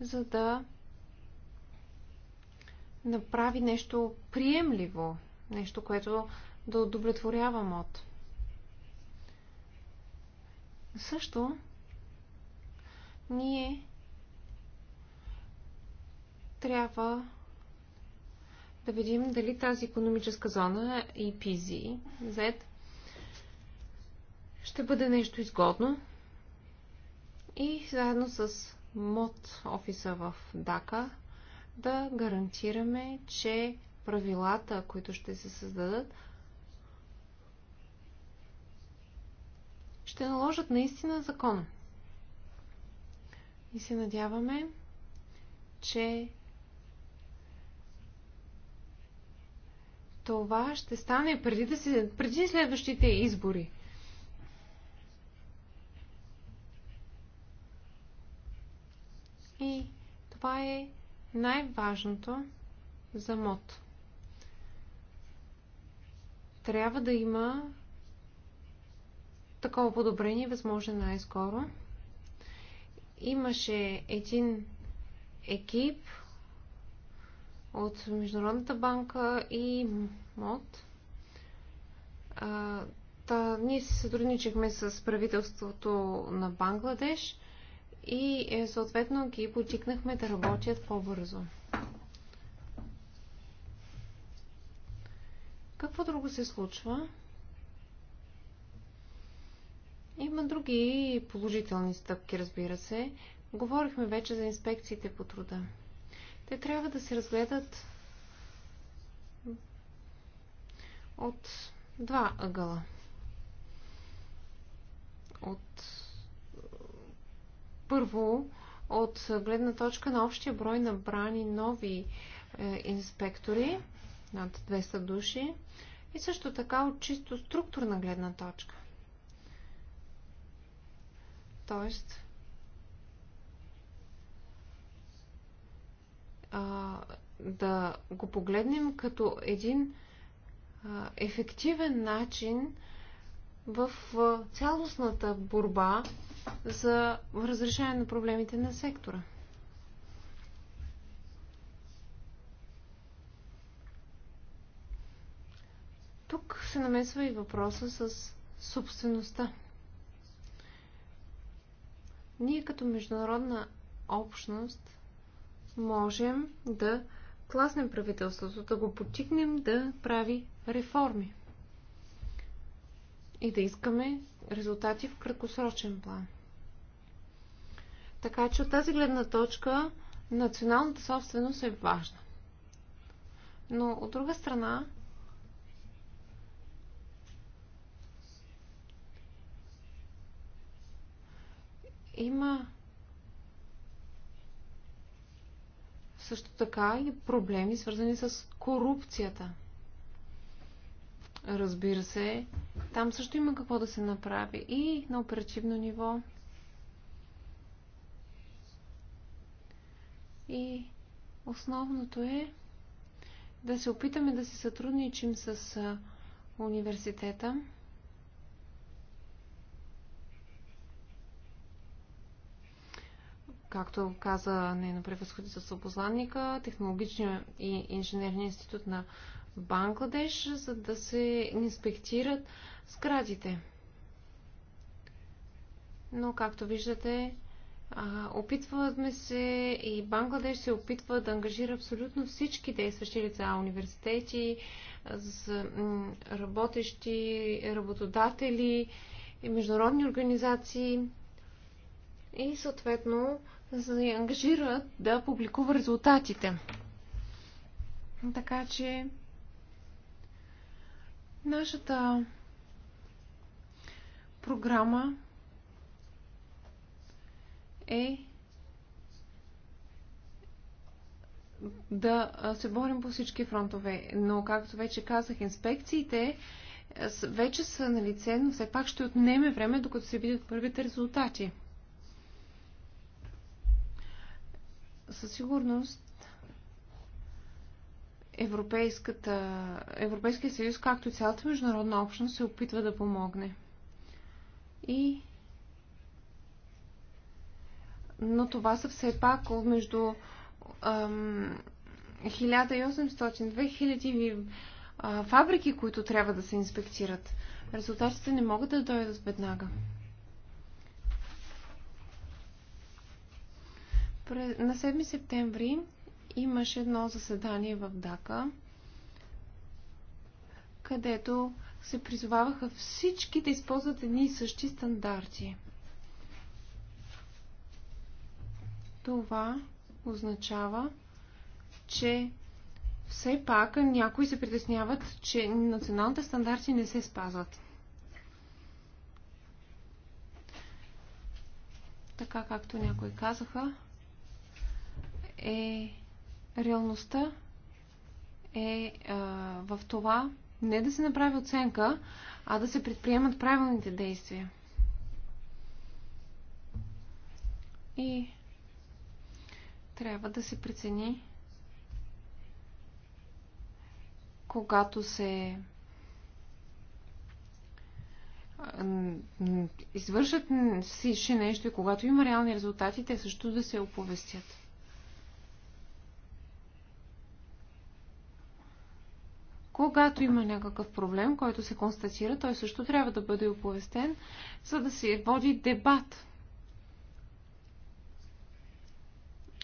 за да направи нещо приемливо, нещо, което да удовлетворява мод. Също ние трябва да видим дали тази економическа зона EPZ, Z, ще бъде нещо изгодно и заедно с МОД офиса в ДАКА да гарантираме, че правилата, които ще се създадат, ще наложат наистина закон. И се надяваме, че това ще стане преди, да се, преди следващите избори. е най-важното за МОД. Трябва да има такова подобрение, възможно най-скоро. Имаше един екип от Международната банка и МОД. А, та, ние се сътрудничахме с правителството на Бангладеш и е, съответно ги почикнахме да работят по-бързо. Какво друго се случва? Има други положителни стъпки, разбира се. Говорихме вече за инспекциите по труда. Те трябва да се разгледат от два ъгъла. От първо, от гледна точка на общия брой на брани нови е, инспектори, над 200 души, и също така от чисто структурна гледна точка. Тоест, а, да го погледнем като един а, ефективен начин в цялостната борба за разрешение на проблемите на сектора. Тук се намесва и въпроса с собствеността. Ние като международна общност можем да класнем правителството, да го потикнем да прави реформи и да искаме резултати в краткосрочен план – така че от тази гледна точка националната собственост е важна. Но от друга страна, има също така и проблеми, свързани с корупцията. Разбира се, там също има какво да се направи и на оперативно ниво, И основното е да се опитаме да се сътрудничим с университета. Както каза нейно превъзходителство посланника, Технологичния и инженерния институт на Бангладеш, за да се инспектират сградите. Но, както виждате, опитваме се и Бангладеш се опитва да ангажира абсолютно всички действащи лица, университети, работещи, работодатели, международни организации и съответно се ангажират да публикува резултатите. Така че нашата програма е да се борим по всички фронтове. Но, както вече казах, инспекциите вече са на лице, но все пак ще отнеме време, докато се видят първите резултати. Със сигурност Европейската, Европейския съюз, както и цялата международна общност, се опитва да помогне. И но това са все пак между ам, 1800-2000 фабрики, които трябва да се инспектират. Резултатите не могат да дойдат веднага. На 7 септември имаше едно заседание в Дака, където се призоваваха всички да използват едни и същи стандарти – Това означава, че все пак някои се притесняват, че националните стандарти не се спазват. Така както някои казаха, е реалността е а, е, в това не да се направи оценка, а да се предприемат правилните действия. И трябва да се прецени когато се извършат всички нещо и когато има реални резултати, те също да се оповестят. Когато има някакъв проблем, който се констатира, той също трябва да бъде оповестен, за да се води дебат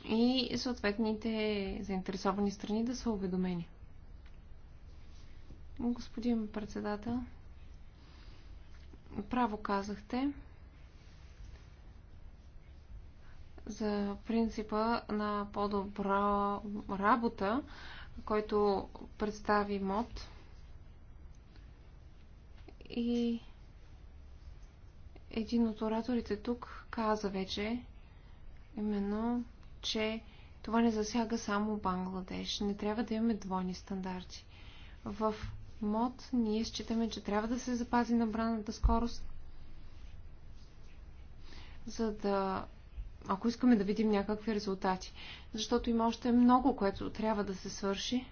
и съответните заинтересовани страни да са уведомени. Господин председател, право казахте за принципа на по-добра работа, който представи МОД и един от ораторите тук каза вече именно че това не засяга само Бангладеш. Не трябва да имаме двойни стандарти. В МОД ние считаме, че трябва да се запази набраната скорост, за да ако искаме да видим някакви резултати. Защото има още много, което трябва да се свърши.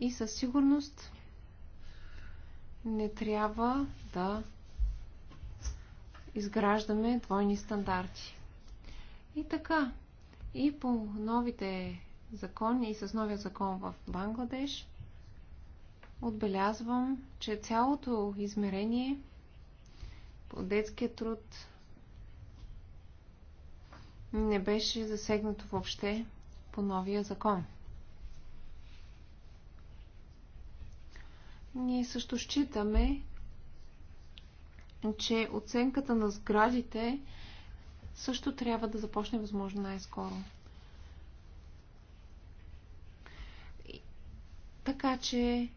И със сигурност не трябва да изграждаме двойни стандарти. И така, и по новите закони, и с новия закон в Бангладеш, отбелязвам, че цялото измерение по детския труд не беше засегнато въобще по новия закон. Ние също считаме, че оценката на сградите също трябва да започне възможно най-скоро. Така че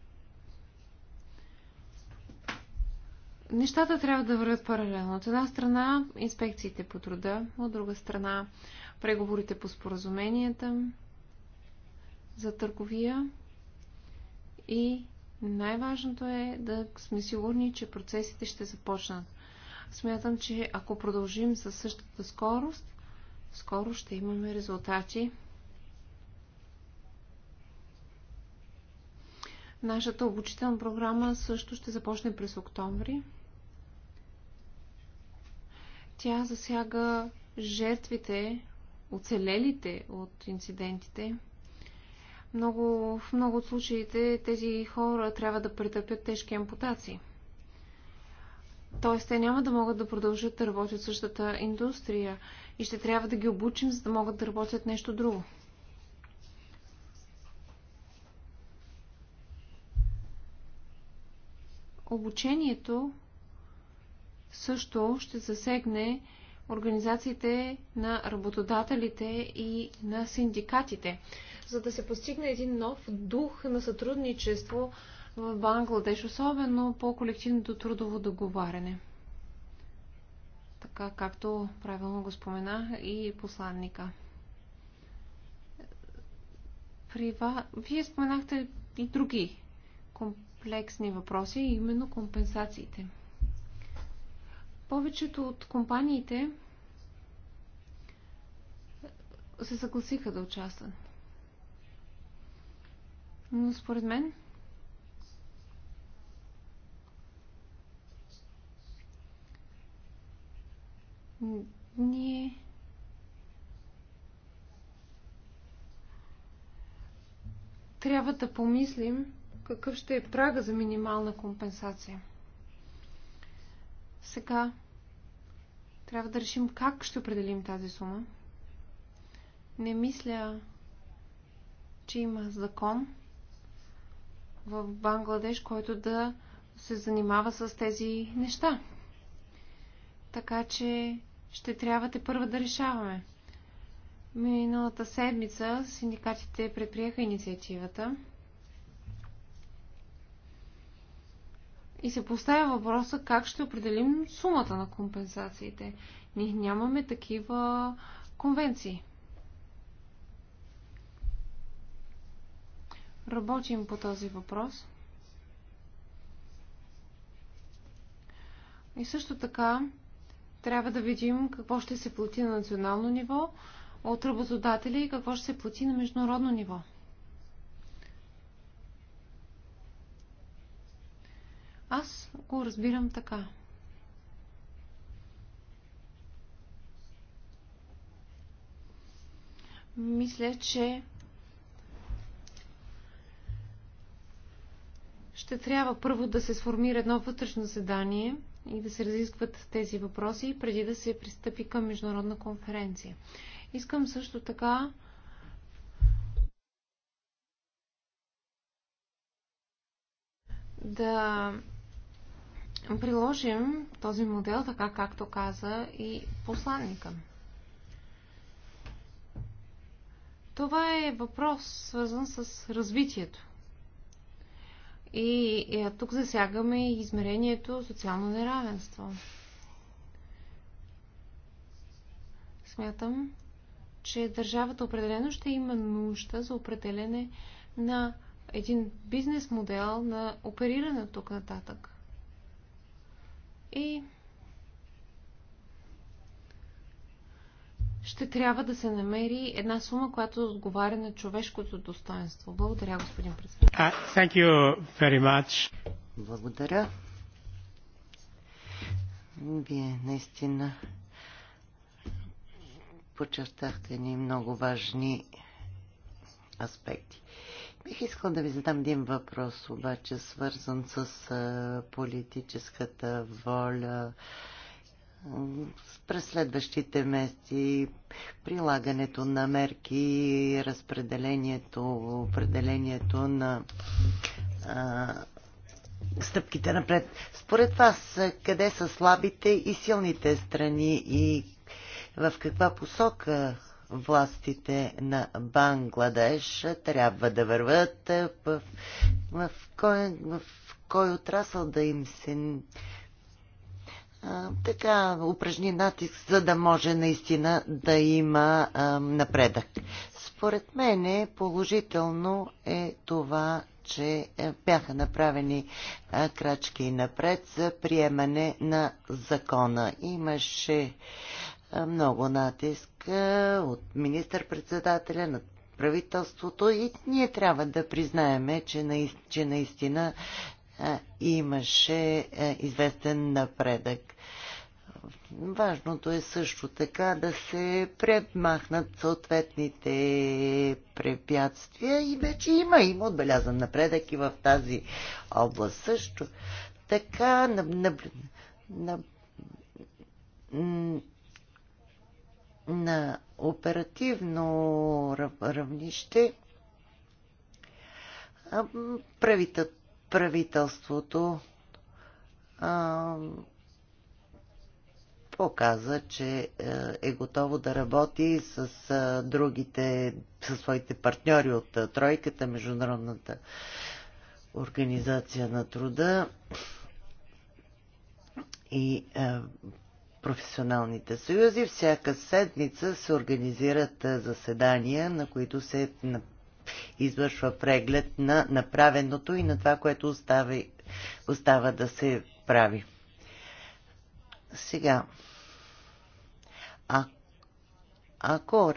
нещата трябва да вървят паралелно. От една страна инспекциите по труда, от друга страна преговорите по споразуменията за търговия и най-важното е да сме сигурни, че процесите ще започнат. Смятам, че ако продължим със същата скорост, скоро ще имаме резултати. Нашата обучителна програма също ще започне през октомври. Тя засяга жертвите, оцелелите от инцидентите. Много, в много от случаите тези хора трябва да претърпят тежки ампутации. Тоест, те няма да могат да продължат да работят в същата индустрия и ще трябва да ги обучим, за да могат да работят нещо друго. Обучението също ще засегне организациите на работодателите и на синдикатите за да се постигне един нов дух на сътрудничество в Бангладеш, особено по колективното трудово договаряне. Така както правилно го спомена и посланника. При ва... Вие споменахте и други комплексни въпроси, именно компенсациите. Повечето от компаниите се съгласиха да участват. Но според мен ние трябва да помислим какъв ще е прага за минимална компенсация. Сега трябва да решим как ще определим тази сума. Не мисля, че има закон, в Бангладеш, който да се занимава с тези неща. Така че ще трябва те първа да решаваме. Миналата седмица синдикатите предприеха инициативата и се поставя въпроса как ще определим сумата на компенсациите. Ние нямаме такива конвенции. Работим по този въпрос. И също така трябва да видим какво ще се плати на национално ниво от работодатели и какво ще се плати на международно ниво. Аз го разбирам така. Мисля, че ще трябва първо да се сформира едно вътрешно заседание и да се разискват тези въпроси преди да се пристъпи към международна конференция. Искам също така да приложим този модел, така както каза и посланника. Това е въпрос, свързан с развитието и, и е, тук засягаме измерението социално неравенство. Смятам, че държавата определено ще има нужда за определене на един бизнес модел на опериране от тук нататък. И ще трябва да се намери една сума, която отговаря на човешкото достоинство. Благодаря, господин председател. Uh, Благодаря. Вие наистина подчертахте ни много важни аспекти. Бих искал да ви задам един въпрос, обаче свързан с политическата воля, през следващите месеци прилагането на мерки и разпределението, определението на а, стъпките напред. Според вас, къде са слабите и силните страни и в каква посока властите на Бангладеш трябва да върват, в, в, кой, в кой отрасъл да им се така упражни натиск, за да може наистина да има а, напредък. Според мен е положително е това, че е, бяха направени а, крачки напред за приемане на закона. Имаше а, много натиск а, от министър-председателя на правителството и ние трябва да признаеме, че, наистина, че наистина имаше известен напредък. Важното е също така да се предмахнат съответните препятствия и вече има, има отбелязан напредък и в тази област също. Така, на, на, на, на оперативно равнище правитът правителството а, показа, че е, е готово да работи с другите, със своите партньори от Тройката, Международната организация на труда и професионалните съюзи. Всяка седмица се организират заседания, на които се извършва преглед на направеното и на това, което остава, остава да се прави. Сега, а, ако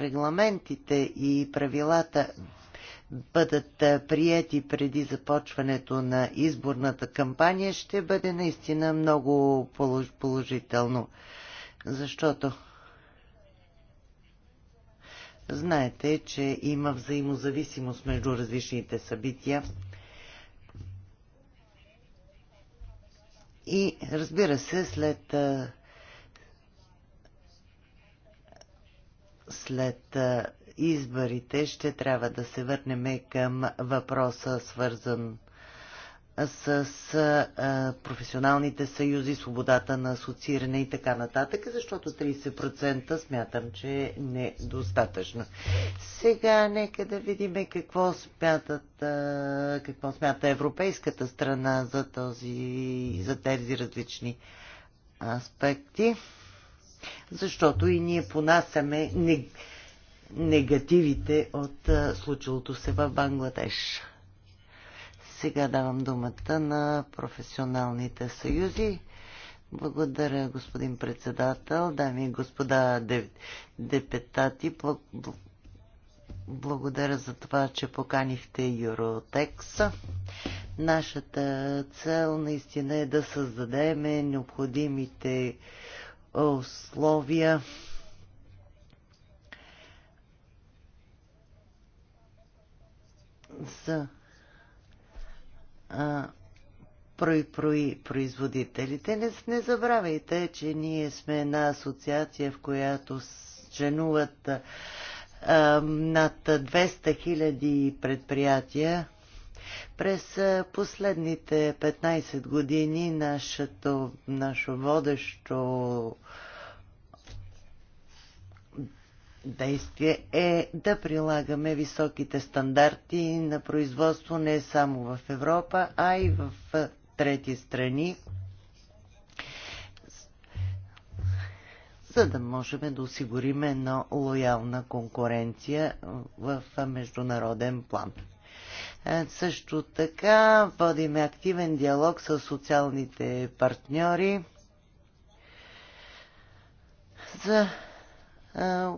регламентите и правилата бъдат приети преди започването на изборната кампания, ще бъде наистина много положително. Защото Знаете, че има взаимозависимост между различните събития. И разбира се, след след изборите ще трябва да се върнем към въпроса, свързан с с а, професионалните съюзи, свободата на асоцииране и така нататък, защото 30% смятам, че е недостатъчно. Сега нека да видим какво, смятат, а, какво смята европейската страна за, този, за тези различни аспекти, защото и ние понасяме негативите от случилото се в Бангладеш. Сега давам думата на професионалните съюзи. Благодаря, господин председател, дами и господа депутати. Благодаря за това, че поканихте Юротекс. Нашата цел наистина е да създадем необходимите условия за а, производителите. Не, не забравяйте, че ние сме една асоциация, в която членуват а, над 200 хиляди предприятия. През последните 15 години нашето, наше водещо действие е да прилагаме високите стандарти на производство не само в Европа, а и в трети страни, за да можем да осигурим една лоялна конкуренция в международен план. Е, също така водим активен диалог с социалните партньори за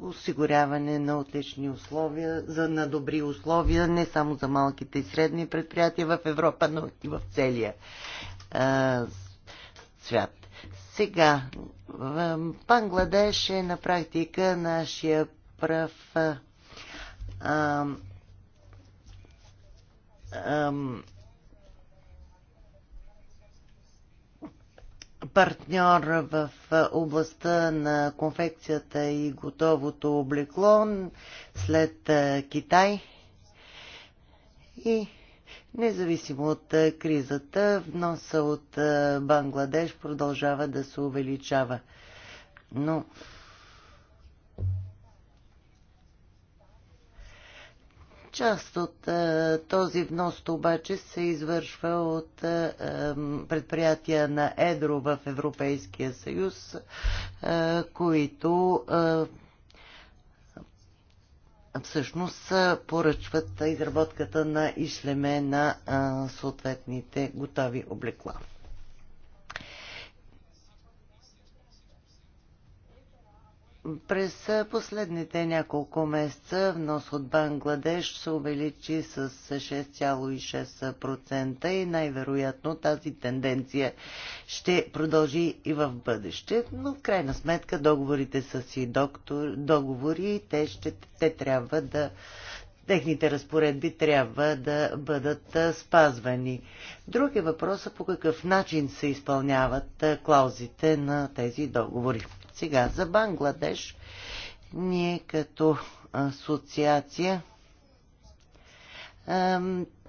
осигуряване на отлични условия, за, на добри условия, не само за малките и средни предприятия в Европа, но и в целия а, свят. Сега, в Бангладеш е на практика нашия прав а, а, а, партньор в областта на конфекцията и готовото облекло след Китай. И независимо от кризата, вноса от Бангладеш продължава да се увеличава. Но Част от а, е, този внос обаче се извършва от а, е, е, предприятия на Едро в Европейския съюз, а, които а, всъщност поръчват изработката на ишлеме на а, съответните готови облекла. През последните няколко месеца внос от Бангладеш се увеличи с 6,6% и най-вероятно тази тенденция ще продължи и в бъдеще, но в крайна сметка договорите са си доктор, договори и те, ще, те трябва да техните разпоредби трябва да бъдат спазвани. Друг е въпросът по какъв начин се изпълняват клаузите на тези договори. Сега за Бангладеш ние като асоциация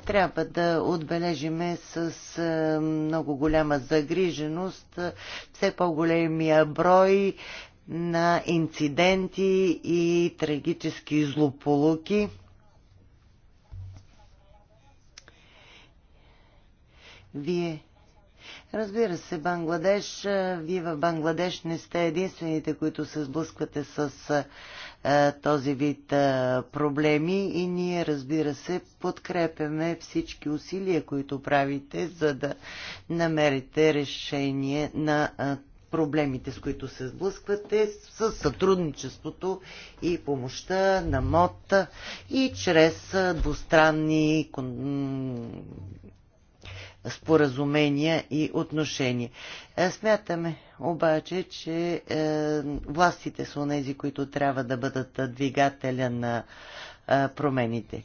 трябва да отбележиме с много голяма загриженост все по-големия брой на инциденти и трагически злополуки. Вие Разбира се, Бангладеш, вие в Бангладеш не сте единствените, които се сблъсквате с този вид проблеми и ние, разбира се, подкрепяме всички усилия, които правите, за да намерите решение на проблемите, с които се сблъсквате, с сътрудничеството и помощта на МОТ и чрез двустранни споразумения и отношения. Е, смятаме обаче, че е, властите са онези, които трябва да бъдат двигателя на е, промените.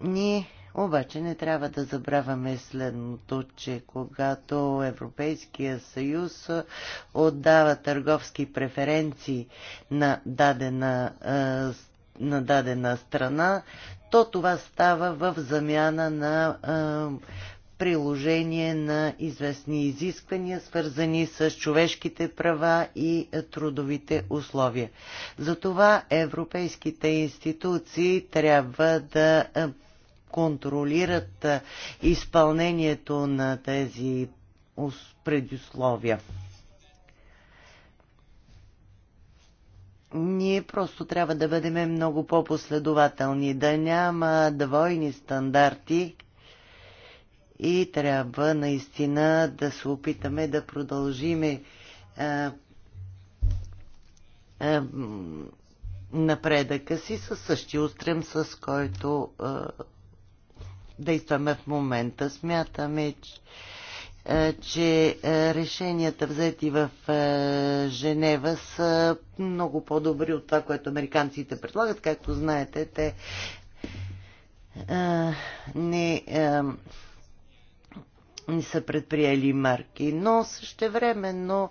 Ние обаче не трябва да забравяме следното, че когато Европейския съюз отдава търговски преференции на дадена страна, на дадена страна, то това става в замяна на а, приложение на известни изисквания, свързани с човешките права и трудовите условия. Затова европейските институции трябва да контролират изпълнението на тези предусловия. Ние просто трябва да бъдем много по-последователни, да няма двойни стандарти и трябва наистина да се опитаме да продължиме а, е, а, е, напредъка си със същия устрем, с който а, е, действаме в момента. Смятаме, че е, че е, решенията взети в е, Женева са много по-добри от това, което американците предлагат. Както знаете, те не, не са предприели марки, но същевременно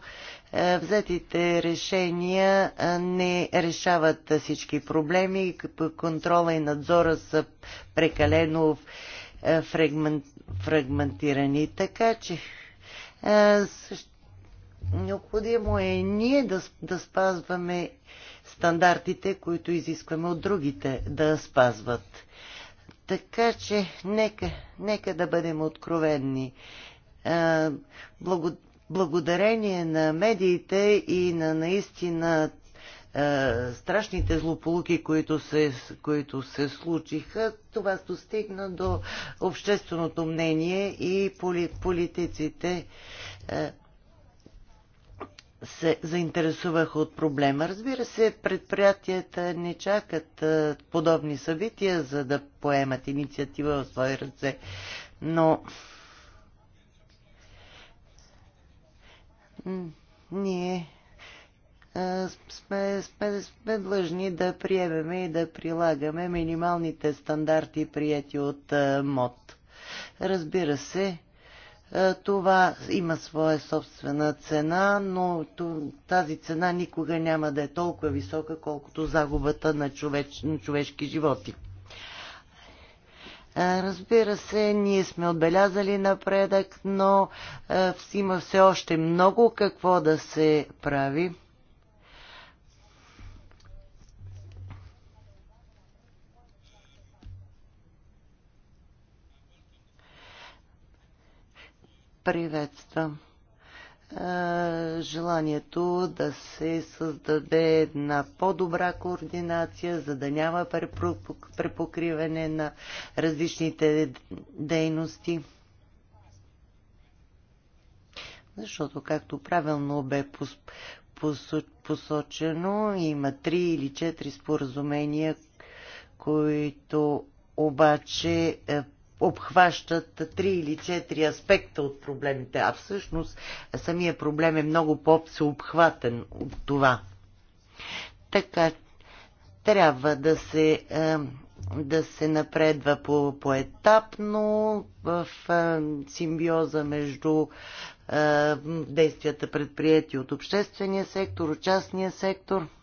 взетите решения не решават всички проблеми. Контрола и надзора са прекалено е, фрагмент, фрагментирани. Така че е, също, необходимо е ние да, да спазваме стандартите, които изискваме от другите да спазват. Така че нека, нека да бъдем откровенни. Е, благодарение на медиите и на наистина е, страшните злополуки, които се, които се случиха, това достигна до общественото мнение и поли, политиците е, се заинтересуваха от проблема. Разбира се, предприятията не чакат е, подобни събития, за да поемат инициатива в свои ръце, но ние сме, сме, сме длъжни да приемеме и да прилагаме минималните стандарти, прияти от МОД. Разбира се, това има своя собствена цена, но тази цена никога няма да е толкова висока, колкото загубата на, човеч, на човешки животи. Разбира се, ние сме отбелязали напредък, но има все още много какво да се прави. приветствам желанието да се създаде една по-добра координация, за да няма препокриване на различните дейности. Защото, както правилно бе посочено, има три или четири споразумения, които обаче е, обхващат три или четири аспекта от проблемите, а всъщност самия проблем е много по-всеобхватен от това. Така, трябва да се, е, да се напредва по, поетапно в е, симбиоза между е, действията предприяти от обществения сектор, от частния сектор –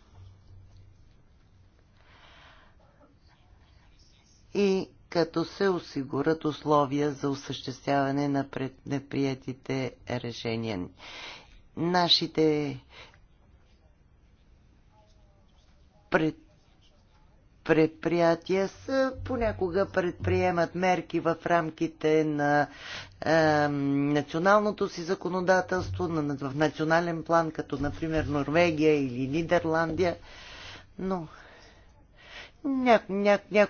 и като се осигурят условия за осъществяване на неприятите решения. Нашите пред предприятия са, понякога предприемат мерки в рамките на е, националното си законодателство, на, в национален план, като например Норвегия или Нидерландия, но ня, ня, ня,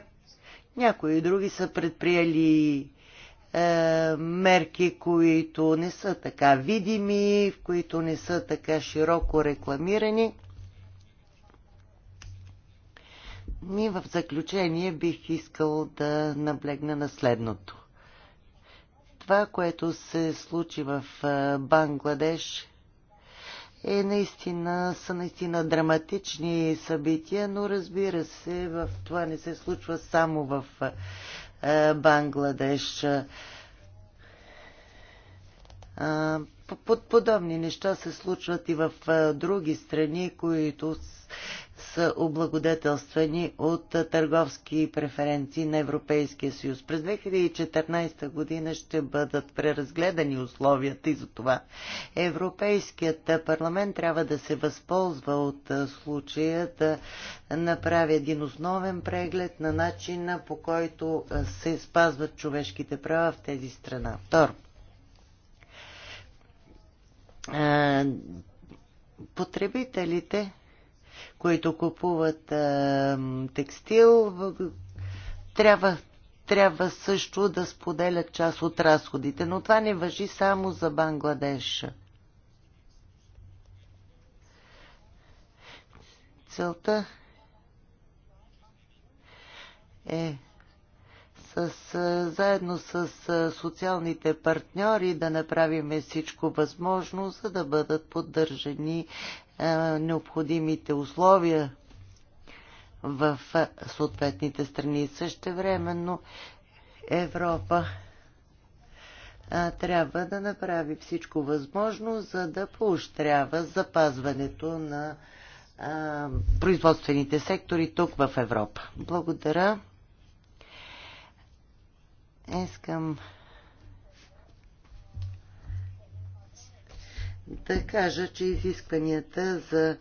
някои други са предприели е, мерки, които не са така видими, в които не са така широко рекламирани. И в заключение бих искал да наблегна на следното. Това, което се случи в е, Бангладеш, е наистина, са наистина драматични събития, но разбира се, в това не се случва само в е, Бангладеш. Е, подобни неща се случват и в е, други страни, които са облагодетелствани от търговски преференции на Европейския съюз. През 2014 година ще бъдат преразгледани условията и за това Европейският парламент трябва да се възползва от случая да направи един основен преглед на начина по който се спазват човешките права в тези страна. Второ потребителите които купуват а, текстил, трябва, трябва също да споделят част от разходите, но това не въжи само за Бангладеш. Целта е с, заедно с социалните партньори да направим всичко възможно, за да бъдат поддържани е, необходимите условия в е, съответните страни. Същевременно Европа е, трябва да направи всичко възможно, за да поощрява запазването на производствените сектори тук в Европа. Благодаря. Искам да кажа, че изискванията за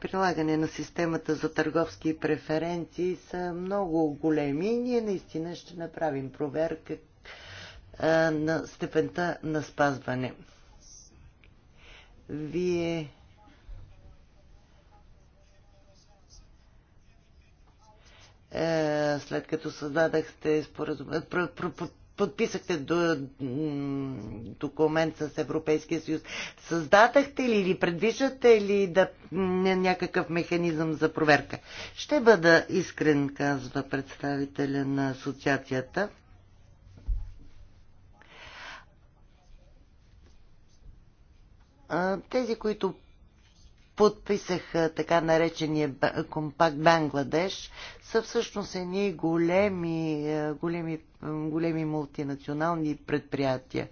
прилагане на системата за търговски преференции са много големи и ние наистина ще направим проверка на степента на спазване. Вие след като създадахте споразум подписахте до, документ с Европейския съюз. Създадахте ли или предвиждате ли да някакъв механизъм за проверка? Ще бъда искрен, казва представителя на асоциацията. Тези, които подписаха така наречения компакт Бангладеш, са всъщност едни големи, големи, големи мултинационални предприятия.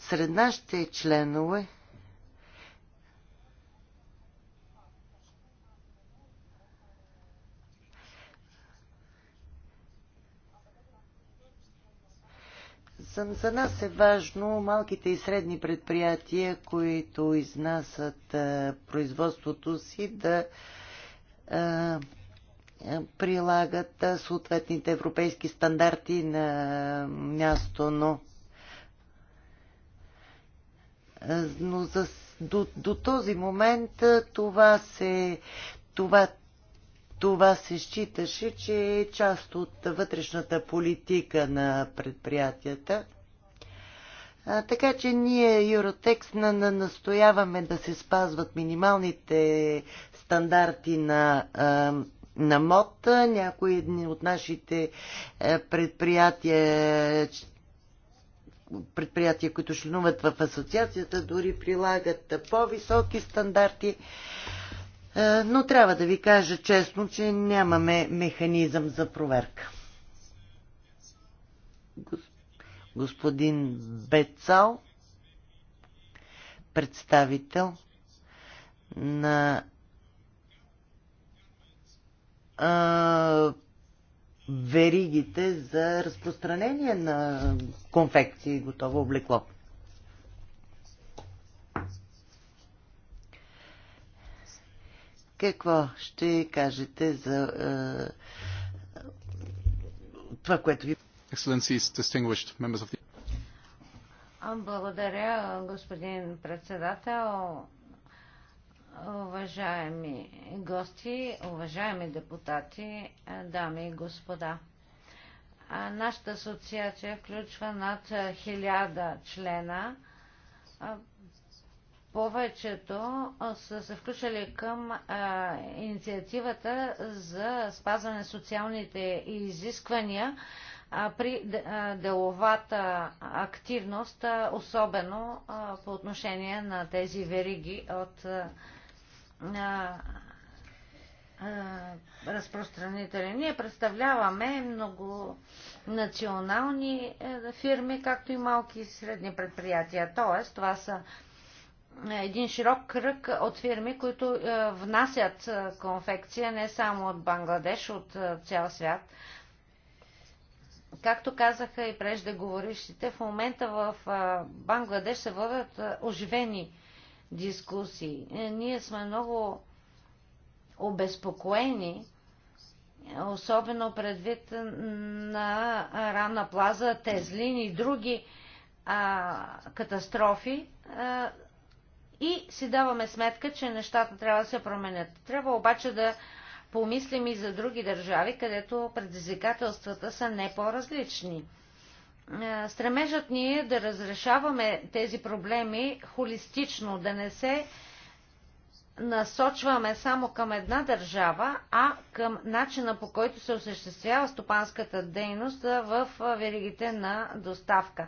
Сред нашите членове за нас е важно малките и средни предприятия, които изнасят производството си, да прилагат съответните европейски стандарти на място, но, но за, до, до този момент това се това това се считаше, че е част от вътрешната политика на предприятията. А, така че ние, Eurotекс, на, на, настояваме да се спазват минималните стандарти на, а, на МОД. Някои от нашите предприятия предприятия, които членуват в асоциацията, дори прилагат по-високи стандарти. Е, но трябва да ви кажа честно, че нямаме механизъм за проверка. Господин Бецал, представител на а, веригите за разпространение на конфекции и готово облекло. Какво ще кажете за е, това, което ви... Excellencies, distinguished members of the... Благодаря, господин председател, уважаеми гости, уважаеми депутати, е, дами и господа. Нашата асоциация включва над хиляда члена повечето са се включили към а, инициативата за спазване на социалните изисквания а, при а, деловата активност, а, особено а, по отношение на тези вериги от а, а, разпространители. Ние представляваме много национални е, фирми, както и малки и средни предприятия. Тоест, това са е, един широк кръг от фирми, които е, внасят е, конфекция не само от Бангладеш, от цял свят. Както казаха и преждеговорившите, в момента в Бангладеш се водят оживени дискусии. Ние сме много обезпокоени, особено предвид на Рана Плаза, Тезлин и други а, катастрофи, и си даваме сметка, че нещата трябва да се променят. Трябва обаче да помислим и за други държави, където предизвикателствата са не по-различни. Е, стремежът ни е да разрешаваме тези проблеми холистично, да не се насочваме само към една държава, а към начина по който се осъществява стопанската дейност в веригите на доставка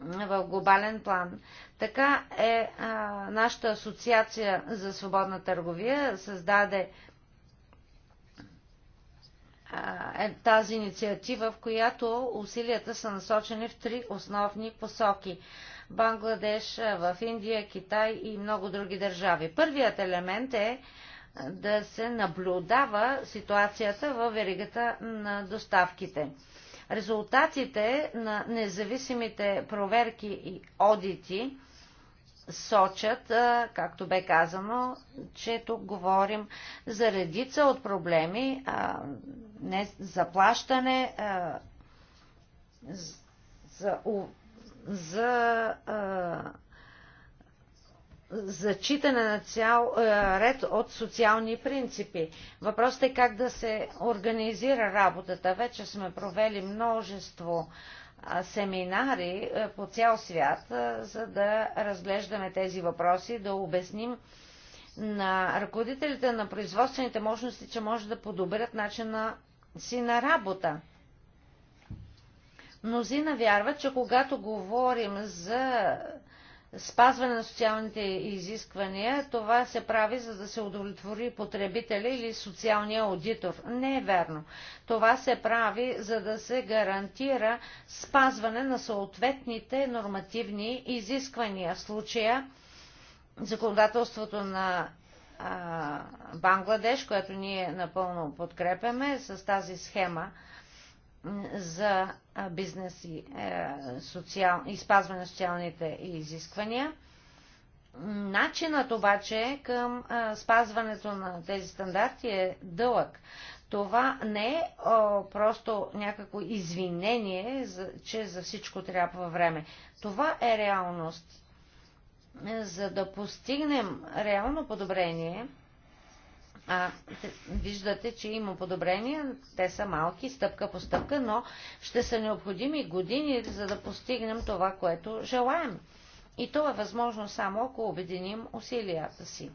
в глобален план. Така е а, нашата асоциация за свободна търговия създаде а, е, тази инициатива, в която усилията са насочени в три основни посоки. Бангладеш, в Индия, Китай и много други държави. Първият елемент е да се наблюдава ситуацията във веригата на доставките. Резултатите на независимите проверки и одити сочат, както бе казано, че тук говорим за редица от проблеми, не заплащане, за, за зачитане на цял е, ред от социални принципи. Въпросът е как да се организира работата. Вече сме провели множество семинари е, по цял свят, е, за да разглеждаме тези въпроси, да обясним на ръководителите на производствените мощности, че може да подобрят начина си на работа. Мнозина вярват, че когато говорим за спазване на социалните изисквания, това се прави за да се удовлетвори потребителя или социалния аудитор. Не е верно. Това се прави за да се гарантира спазване на съответните нормативни изисквания. В случая законодателството на а, Бангладеш, което ние напълно подкрепяме с тази схема за бизнес и, е, социал, и спазване на социалните изисквания. Начинът обаче към е, спазването на тези стандарти е дълъг. Това не е о, просто някакво извинение, за, че за всичко трябва време. Това е реалност. За да постигнем реално подобрение, а, виждате, че има подобрения, те са малки, стъпка по стъпка, но ще са необходими години, за да постигнем това, което желаем. И то е възможно само ако обединим усилията си.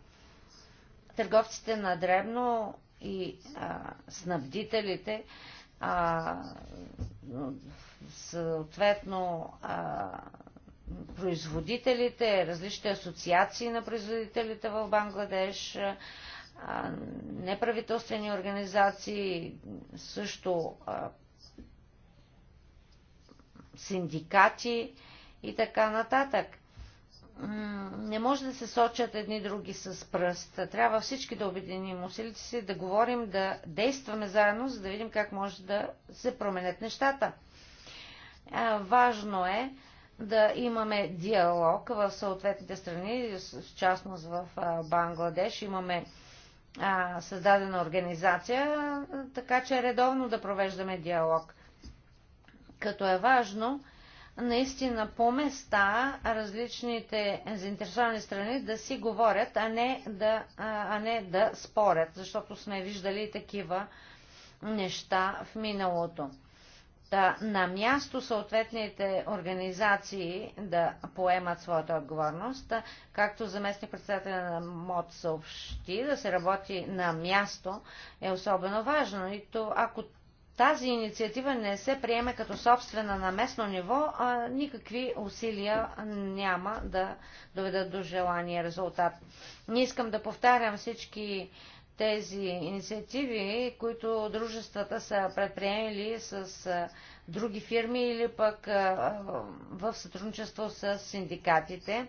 Търговците на дребно и а, снабдителите а, съответно а, производителите, различните асоциации на производителите в Бангладеш, неправителствени организации, също синдикати и така нататък. Не може да се сочат едни други с пръст. Трябва всички да обединим усилите си, да говорим, да действаме заедно, за да видим как може да се променят нещата. Важно е да имаме диалог в съответните страни, в частност в Бангладеш. Имаме а, създадена организация, така че е редовно да провеждаме диалог. Като е важно, наистина по места различните заинтересовани страни да си говорят, а не да, а не да спорят, защото сме виждали такива неща в миналото. Та на място съответните организации да поемат своята отговорност, както заместник председателя на МОД съобщи, да се работи на място е особено важно. И то, ако тази инициатива не се приеме като собствена на местно ниво, а никакви усилия няма да доведат до желания резултат. Не искам да повтарям всички тези инициативи, които дружествата са предприемили с а, други фирми или пък а, в сътрудничество с синдикатите.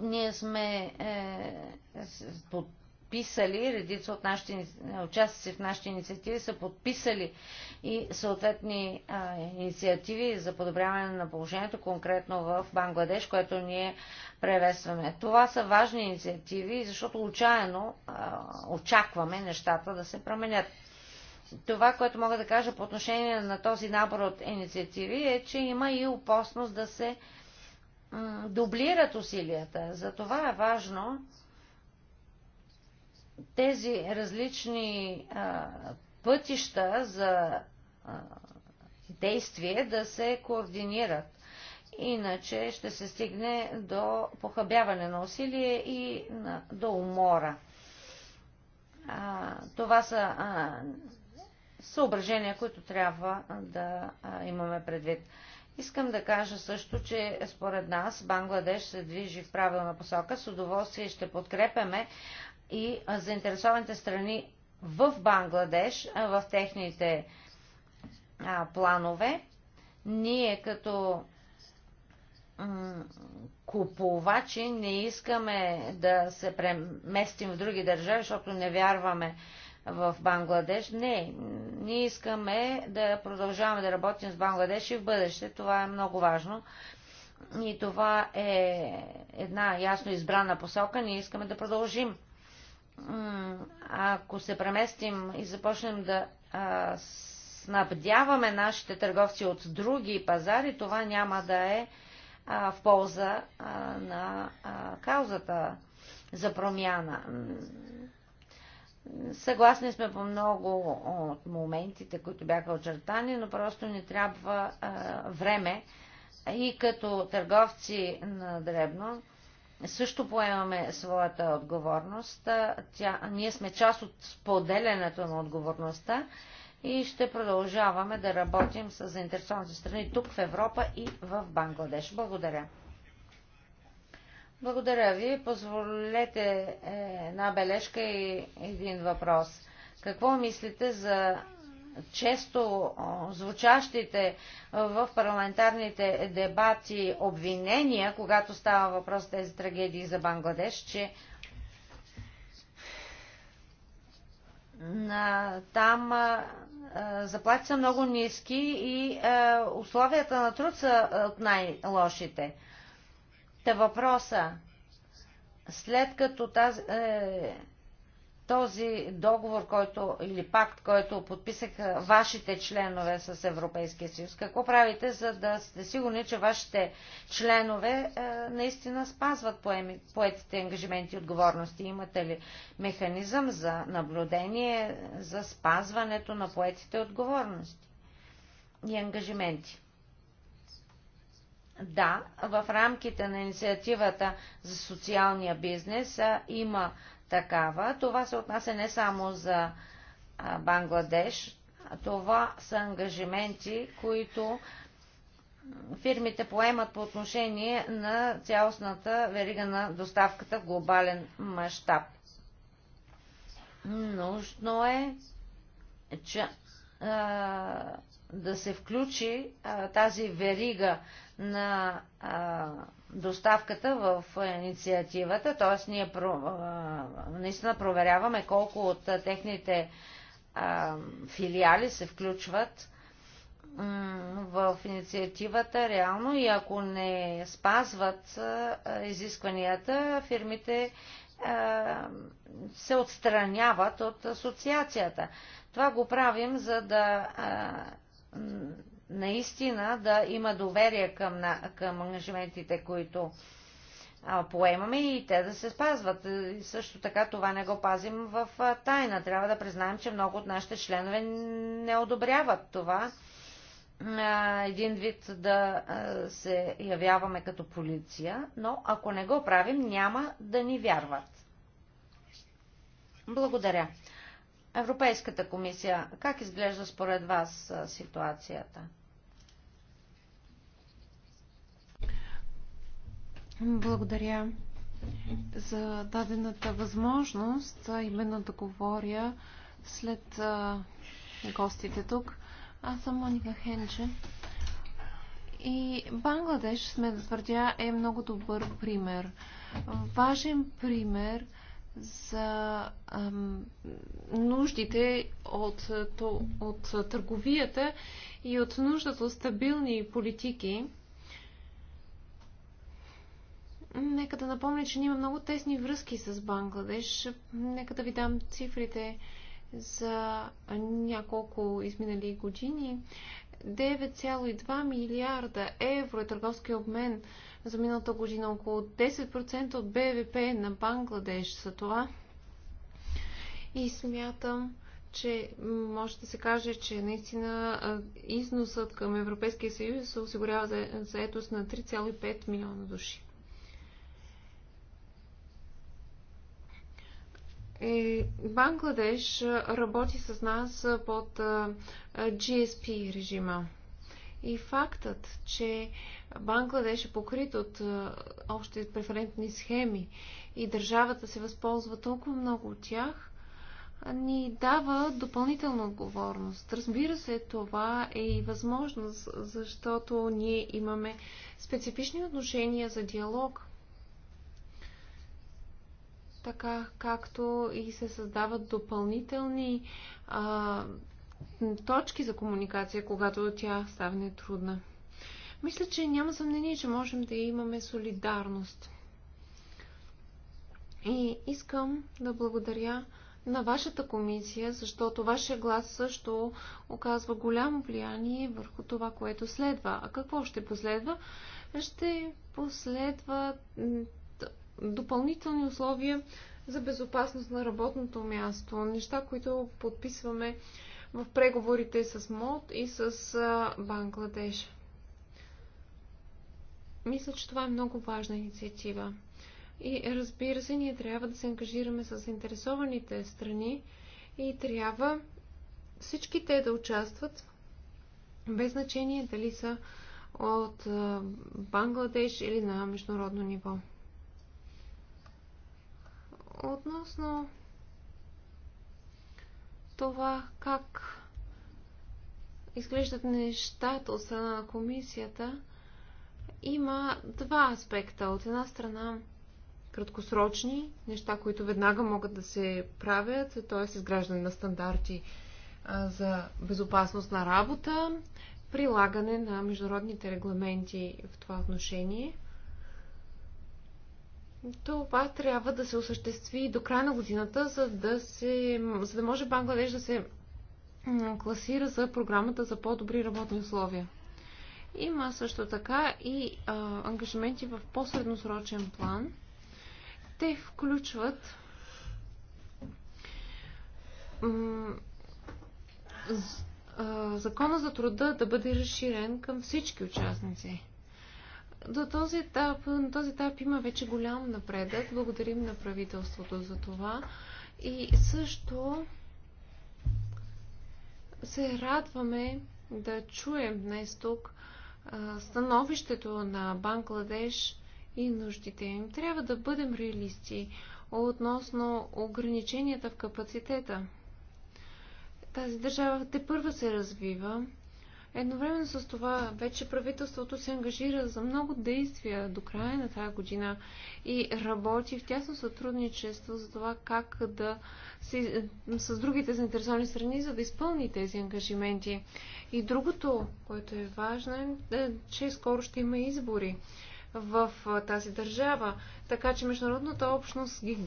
ние сме е, под, подписали, редица от нашите участници в нашите инициативи са подписали и съответни а, инициативи за подобряване на положението, конкретно в Бангладеш, което ние превестваме. Това са важни инициативи, защото отчаяно очакваме нещата да се променят. Това, което мога да кажа по отношение на този набор от инициативи е, че има и опасност да се дублират усилията. Затова е важно тези различни а, пътища за а, действие да се координират. Иначе ще се стигне до похабяване на усилие и на, до умора. А, това са а, съображения, които трябва да а, имаме предвид. Искам да кажа също, че според нас Бангладеш се движи в правилна посока. С удоволствие ще подкрепяме и заинтересованите страни в Бангладеш, в техните планове. Ние като купувачи не искаме да се преместим в други държави, защото не вярваме в Бангладеш. Не, ние искаме да продължаваме да работим с Бангладеш и в бъдеще. Това е много важно. И това е една ясно избрана посока. Ние искаме да продължим ако се преместим и започнем да а, снабдяваме нашите търговци от други пазари, това няма да е а, в полза а, на а, каузата за промяна. Съгласни сме по много от моментите, които бяха очертани, но просто ни трябва а, време и като търговци на дребно също поемаме своята отговорност. Тя, ние сме част от споделянето на отговорността и ще продължаваме да работим с заинтересованите страни тук в Европа и в Бангладеш. Благодаря. Благодаря ви. Позволете е, една бележка и един въпрос. Какво мислите за често звучащите в парламентарните дебати обвинения, когато става въпрос тези трагедии за Бангладеш, че там заплати са много ниски и условията на труд са от най-лошите. Та въпроса, след като тази, е, този договор, който, или пакт, който подписаха вашите членове с Европейския съюз? Какво правите, за да сте сигурни, че вашите членове е, наистина спазват поеми, поетите ангажименти и отговорности? Имате ли механизъм за наблюдение за спазването на поетите отговорности и ангажименти? Да, в рамките на инициативата за социалния бизнес има такава. Това се отнася не само за Бангладеш, а това са ангажименти, които фирмите поемат по отношение на цялостната верига на доставката в глобален мащаб. Нужно е че, а, да се включи а, тази верига на а, доставката в е, инициативата, т.е. ние наистина проверяваме колко от техните филиали се включват в инициативата реално и ако не спазват изискванията, фирмите се отстраняват от асоциацията. Това го правим, за да наистина да има доверие към, към ангажиментите, които поемаме и те да се спазват. И също така това не го пазим в тайна. Трябва да признаем, че много от нашите членове не одобряват това. Един вид да се явяваме като полиция, но ако не го правим, няма да ни вярват. Благодаря. Европейската комисия, как изглежда според вас ситуацията? Благодаря за дадената възможност, именно да говоря след гостите тук. Аз съм Моника Хенче. И Бангладеш, сме да твърдя, е много добър пример. Важен пример за ам, нуждите от, от търговията и от нуждата от стабилни политики Нека да напомня, че има много тесни връзки с Бангладеш. Нека да ви дам цифрите за няколко изминали години. 9,2 милиарда евро е търговски обмен за миналата година. Около 10% от БВП е на Бангладеш са това. И смятам, че може да се каже, че наистина износът към Европейския съюз се осигурява за на 3,5 милиона души. Е, Бангладеш работи с нас под GSP режима. И фактът, че Бангладеш е покрит от общи преферентни схеми и държавата се възползва толкова много от тях, ни дава допълнителна отговорност. Разбира се, това е и възможност, защото ние имаме специфични отношения за диалог така както и се създават допълнителни а, точки за комуникация, когато тя става трудна. Мисля, че няма съмнение, че можем да имаме солидарност. И искам да благодаря на вашата комисия, защото вашия глас също оказва голямо влияние върху това, което следва. А какво ще последва? Ще последва допълнителни условия за безопасност на работното място. Неща, които подписваме в преговорите с МОД и с Бангладеш. Мисля, че това е много важна инициатива. И разбира се, ние трябва да се ангажираме с заинтересованите страни и трябва всички те да участват, без значение дали са от Бангладеш или на международно ниво. Относно това как изглеждат нещата от страна на комисията, има два аспекта. От една страна краткосрочни неща, които веднага могат да се правят, т.е. изграждане на стандарти за безопасност на работа, прилагане на международните регламенти в това отношение – това трябва да се осъществи до края на годината, за да, се, за да може Бангладеш да се класира за програмата за по-добри работни условия. Има също така и а, ангажименти в по-средносрочен план. Те включват закона за труда да бъде разширен към всички участници. До този етап, на този етап има вече голям напредък. Благодарим на правителството за това. И също се радваме да чуем днес тук становището на Бангладеш и нуждите им. Трябва да бъдем реалисти относно ограниченията в капацитета. Тази държава те първа се развива Едновременно с това вече правителството се ангажира за много действия до края на тази година и работи в тясно сътрудничество за това как да се, с другите заинтересовани страни, за да изпълни тези ангажименти. И другото, което е важно, е, е че скоро ще има избори в тази държава, така че международната общност ги,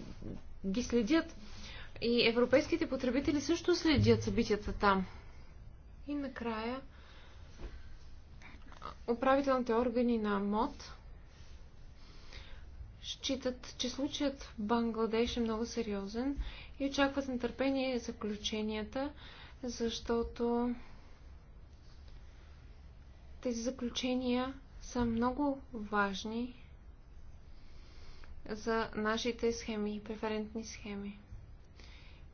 ги следят и европейските потребители също следят събитията там. И накрая управителните органи на МОД считат, че случаят в Бангладеш е много сериозен и очакват нетърпение заключенията, защото тези заключения са много важни за нашите схеми, преферентни схеми.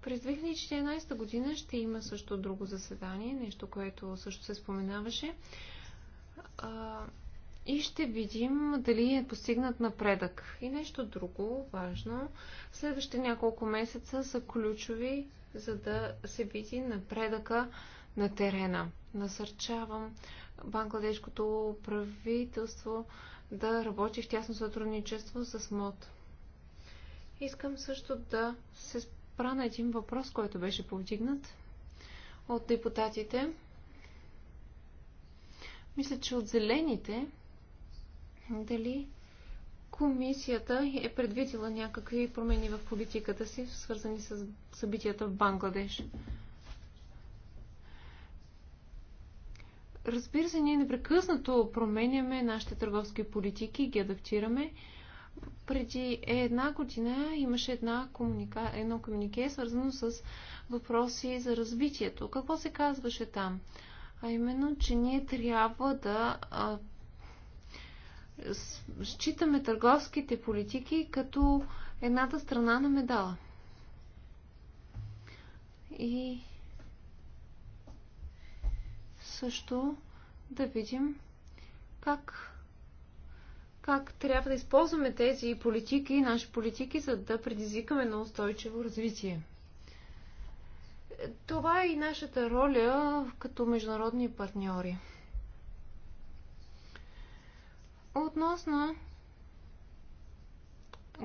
През 2014 година ще има също друго заседание, нещо, което също се споменаваше, и ще видим дали е постигнат напредък. И нещо друго важно. Следващите няколко месеца са ключови, за да се види напредъка на терена. Насърчавам бангладешкото правителство да работи в тясно сътрудничество с МОД. Искам също да се спра на един въпрос, който беше повдигнат от депутатите. Мисля, че от зелените дали комисията е предвидила някакви промени в политиката си, свързани с събитията в Бангладеш. Разбира се, ние непрекъснато променяме нашите търговски политики, ги адаптираме. Преди една година имаше една комуника... едно комунике, свързано с въпроси за развитието. Какво се казваше там? а именно, че ние трябва да а, считаме търговските политики като едната страна на медала. И също да видим как, как трябва да използваме тези политики, наши политики, за да предизвикаме на устойчиво развитие. Това е и нашата роля като международни партньори. Относно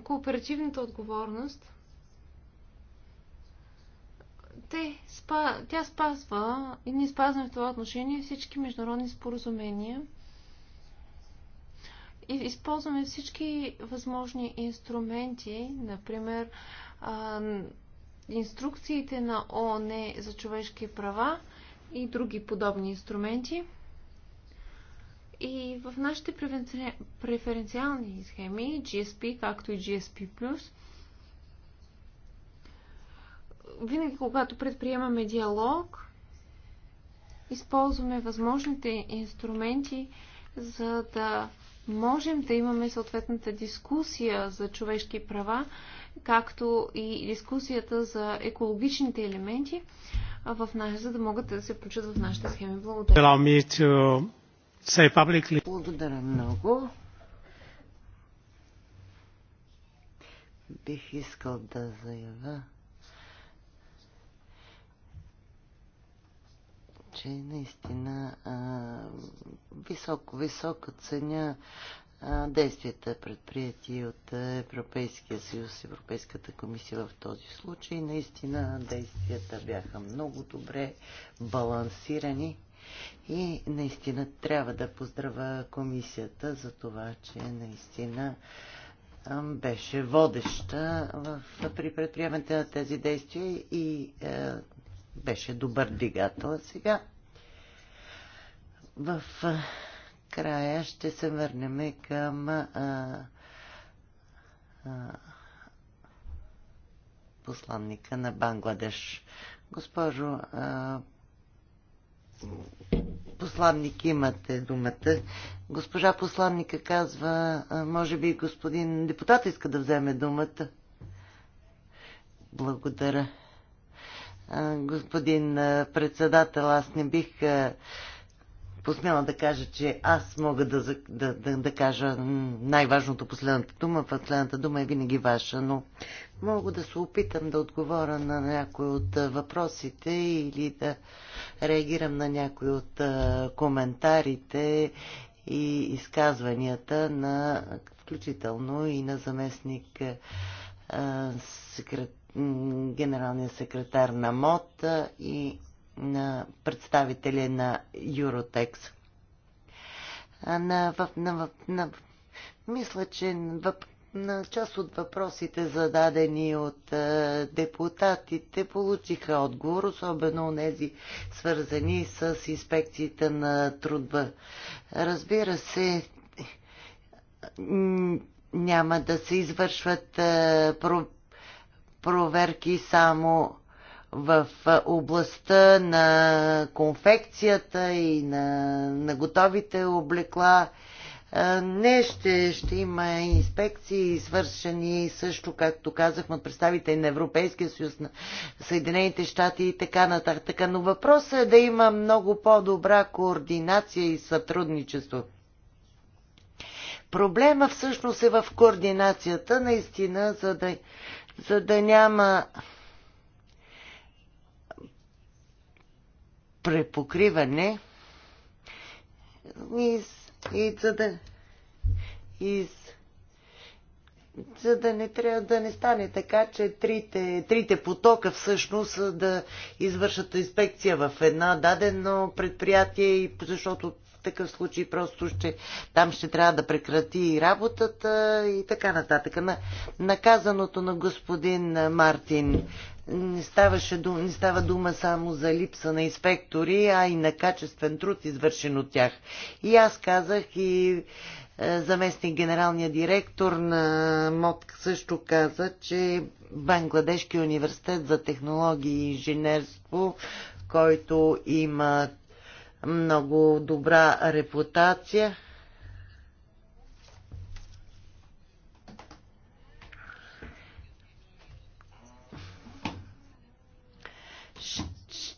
кооперативната отговорност, те, спа, тя спазва и ние спазваме в това отношение всички международни споразумения и използваме всички възможни инструменти, например инструкциите на ООН за човешки права и други подобни инструменти. И в нашите преференциални схеми, GSP, както и GSP+, винаги когато предприемаме диалог, използваме възможните инструменти, за да можем да имаме съответната дискусия за човешки права, както и дискусията за екологичните елементи в нас, за да могат да се включат в нашите схеми. Благодаря. Благодаря много. Бих искал да заявя че наистина а, високо, високо ценя а, действията предприяти от Европейския съюз, Европейската комисия в този случай. Наистина действията бяха много добре балансирани и наистина трябва да поздравя комисията за това, че наистина беше водеща в, при предприемането на тези действия и е, беше добър двигател. Сега в края ще се върнем към а, а, посланника на Бангладеш. Госпожо а, посланник, имате думата. Госпожа посланника казва, а, може би господин депутат иска да вземе думата. Благодаря господин председател, аз не бих посмяла да кажа, че аз мога да, да, да, да кажа най-важното последната дума. Последната дума е винаги ваша, но мога да се опитам да отговоря на някои от въпросите или да реагирам на някои от коментарите и изказванията на включително и на заместник секретар генералния секретар на МОД и на представители на Юротекс. На, на, на, мисля, че въп, на част от въпросите, зададени от а, депутатите, получиха отговор, особено тези свързани с инспекцията на трудба. Разбира се, няма да се извършват проверки само в областта на конфекцията и на, на готовите облекла. Не, ще, ще има инспекции, свършени също, както казахме, представители на Европейския съюз, на Съединените щати и така нататък. Но въпросът е да има много по-добра координация и сътрудничество. Проблема всъщност е в координацията, наистина, за да за да няма препокриване и, и за да и за да не трябва да не стане така, че трите, трите потока всъщност да извършат инспекция в една дадено предприятие, защото такъв случай просто ще, там ще трябва да прекрати работата и така нататък. На, наказаното на господин Мартин не, ставаше, не става дума само за липса на инспектори, а и на качествен труд, извършен от тях. И аз казах и е, заместник генералния директор на МОДК също каза, че Бангладешки университет за технологии и инженерство, който има много добра репутация.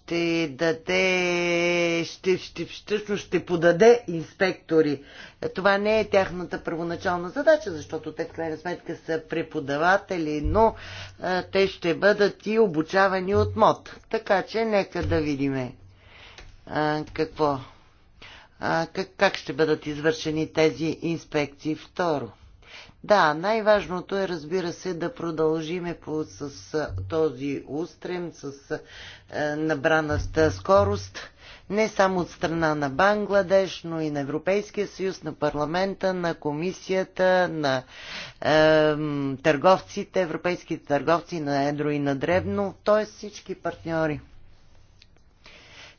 ще даде, ще, ще, ще, ще, ще подаде инспектори. Е, това не е тяхната първоначална задача, защото те в крайна сметка са преподаватели, но а, е, те ще бъдат и обучавани от МОД. Така че нека да видиме какво? А, как, как ще бъдат извършени тези инспекции? Второ. Да, най-важното е, разбира се, да продължиме по, с, с този устрем, с е, набраната скорост, не само от страна на Бангладеш, но и на Европейския съюз, на парламента, на комисията, на е, търговците, европейските търговци на едро и на дребно, т.е. всички партньори.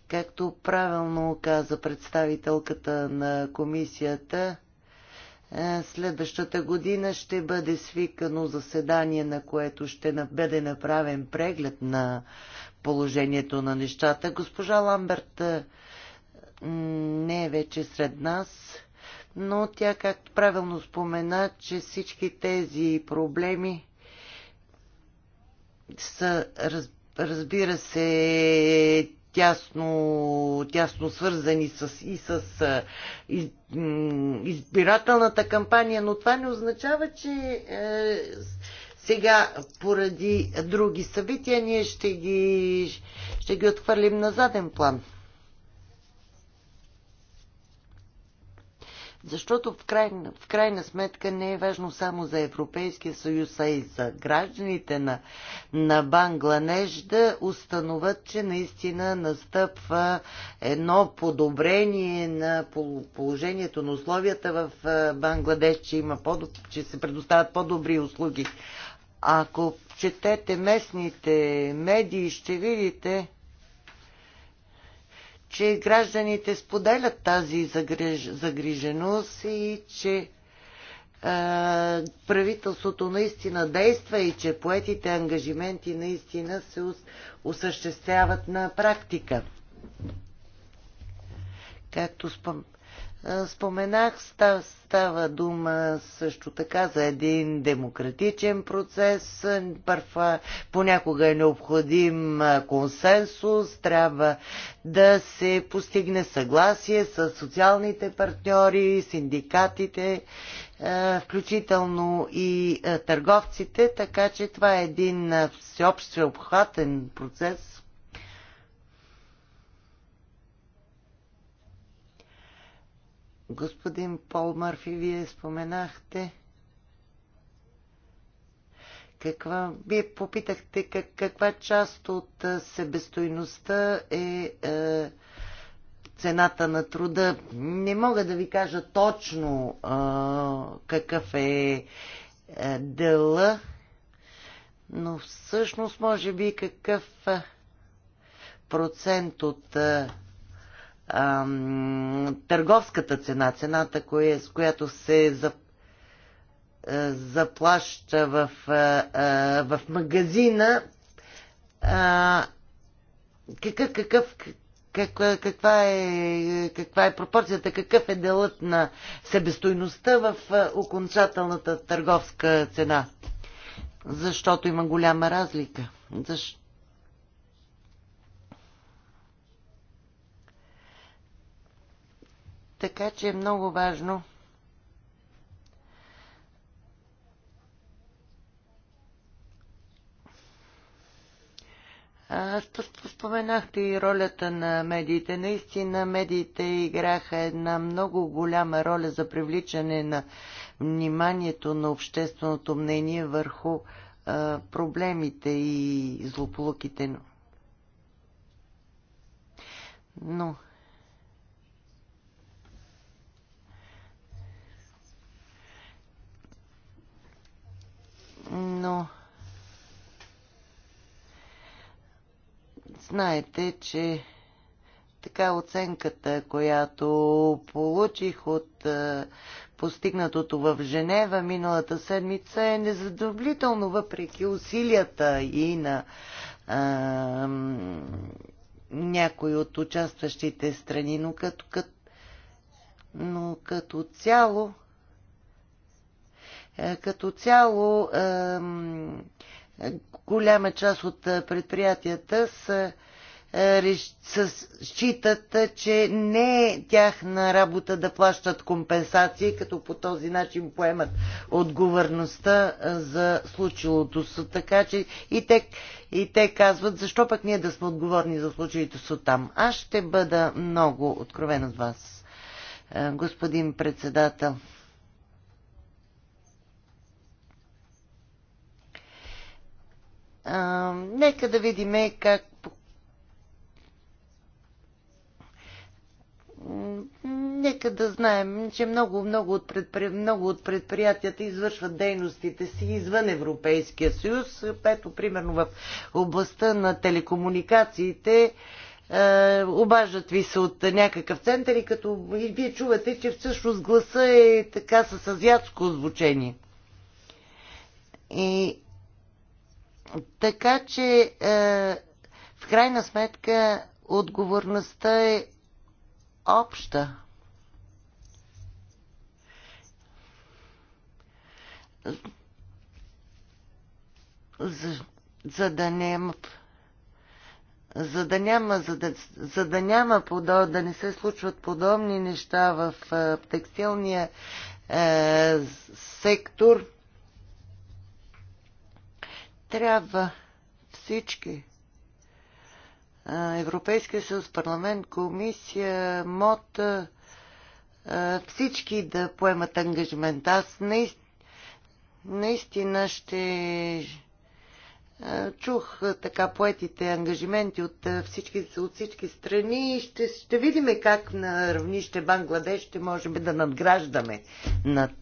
Както правилно каза представителката на комисията, е, следващата година ще бъде свикано заседание, на което ще бъде направен преглед на положението на нещата. Госпожа Ламберт е, не е вече сред нас, но тя, както правилно спомена, че всички тези проблеми са, разбира се, тясно, тясно свързани с, и с из, избирателната кампания, но това не означава, че е, сега поради други събития ние ще ги, ще ги отхвърлим на заден план. Защото в крайна, в крайна сметка не е важно само за Европейския съюз, а и за гражданите на, на Бангладеш да установят, че наистина настъпва едно подобрение на положението на условията в Бангладеш, че, има по че се предоставят по-добри услуги. Ако четете местните медии, ще видите, че гражданите споделят тази загриж, загриженост и че е, правителството наистина действа и че поетите ангажименти наистина се осъществяват на практика. Както спом споменах, става, става дума също така за един демократичен процес. Първа, понякога е необходим консенсус, трябва да се постигне съгласие с социалните партньори, синдикатите, включително и търговците, така че това е един всеобщо обхватен процес, Господин Пол Мърфи, вие споменахте каква, вие попитахте как, каква част от себестойността е, е цената на труда. Не мога да ви кажа точно е, какъв е, е дела, но всъщност може би какъв процент от е, търговската цена, цената, с която се е, заплаща в, е, е, в магазина, какъв, какъв, каква, е, каква е пропорцията, какъв е делът на себестойността в окончателната търговска цена. Защото има голяма разлика. Защо? Така че е много важно Споменахте и ролята на медиите. Наистина медиите играха една много голяма роля за привличане на вниманието на общественото мнение върху а, проблемите и злополуките. Но но знаете, че така оценката, която получих от е, постигнатото в Женева миналата седмица е незадоволително, въпреки усилията и на а, е, някои от участващите страни, но като, като, но като цяло е, като цяло голяма част от е, предприятията са е, считат, че не е тяхна работа да плащат компенсации, като по този начин поемат отговорността за случилото се. Така че и те, и те казват, защо пък ние да сме отговорни за случилото се там. Аз ще бъда много откровен от вас, господин председател. А, нека да видим как нека да знаем, че много, много от, предпри... много от предприятията извършват дейностите си извън Европейския съюз. Ето, примерно в областта на телекомуникациите е, обаждат ви се от някакъв център и като и вие чувате, че всъщност гласа е така с азиатско звучение. И така че е, в крайна сметка отговорността е обща. За, за да няма за да няма, за да, за да няма подо, да не се случват подобни неща в е, текстилния е, сектор, трябва всички Европейския съюз, парламент, комисия, МОТ, всички да поемат ангажимент. Аз наистина ще чух така поетите ангажименти от всички, от всички страни и ще, ще видим как на равнище Бангладеш ще можем да надграждаме над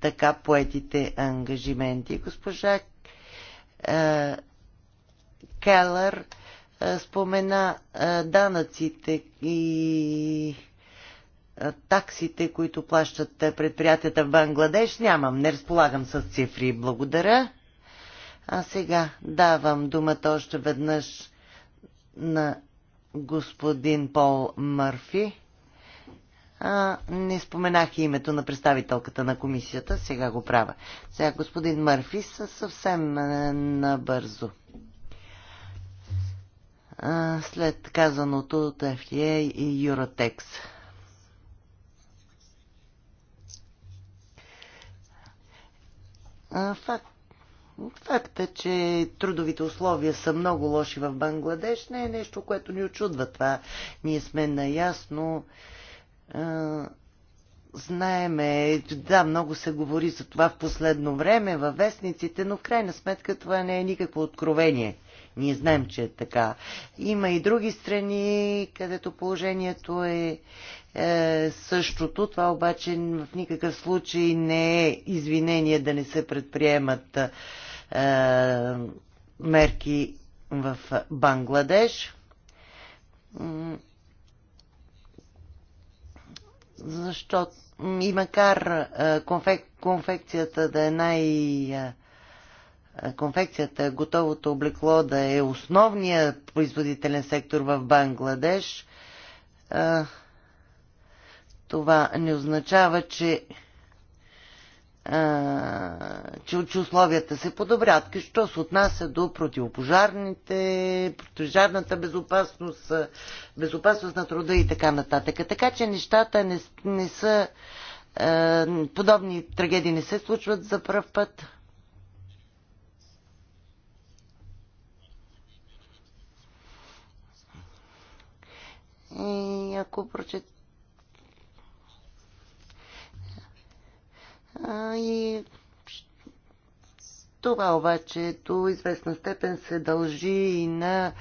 така поетите ангажименти. Госпожа е, Келър е, спомена е, данъците и е, таксите, които плащат предприятията в Бангладеш. Нямам, не разполагам с цифри. Благодаря. А сега давам думата още веднъж на господин Пол Мърфи. А, не споменах името на представителката на комисията, сега го правя. Сега господин Мърфи съвсем набързо. А, след казаното от FTA и Eurotex. Факт, факт Факта, е, че трудовите условия са много лоши в Бангладеш, не е нещо, което ни очудва. Това ние сме наясно. А, знаеме, да, много се говори за това в последно време във вестниците, но в крайна сметка това не е никакво откровение. Ние знаем, че е така. Има и други страни, където положението е, е същото. Това обаче в никакъв случай не е извинение да не се предприемат е, мерки в Бангладеш защото и макар конфек, конфекцията да е най- конфекцията, готовото облекло да е основният производителен сектор в Бангладеш, това не означава, че че, че условията се подобрят. Що се отнася до противопожарните, противопожарната безопасност, безопасност на труда и така нататък. Така че нещата не, не са. Е, подобни трагедии не се случват за първ път. И ако прочет, А, и това обаче до известна степен се дължи и на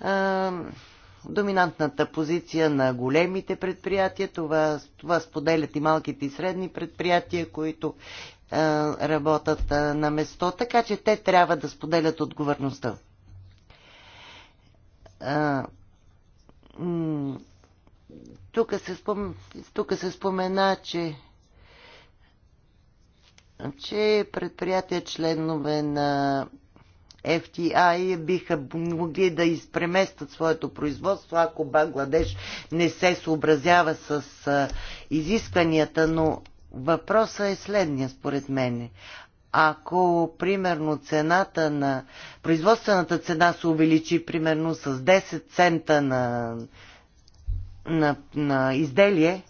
а, доминантната позиция на големите предприятия. Това, това споделят и малките и средни предприятия, които а, работят а, на место, така че те трябва да споделят отговорността. А, тук се, спом... тук се спомена, че че значи, предприятия членове на FTI биха могли да изпреместят своето производство, ако Бангладеш не се съобразява с изискванията, но въпросът е следния според мен. Ако, примерно, цената на производствената цена се увеличи, примерно, с 10 цента на, на, на изделие,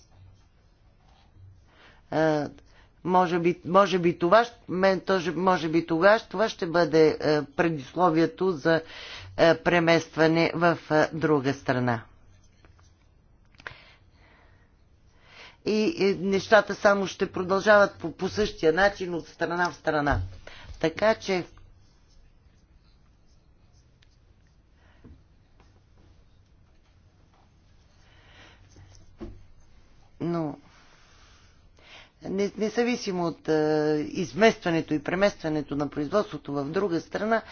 може би, може би това, мен, може би това, това ще бъде е, предисловието за е, преместване в е, друга страна. И нещата само ще продължават по, по същия начин от страна в страна. Така че но независимо от изместването и преместването на производството в друга страна,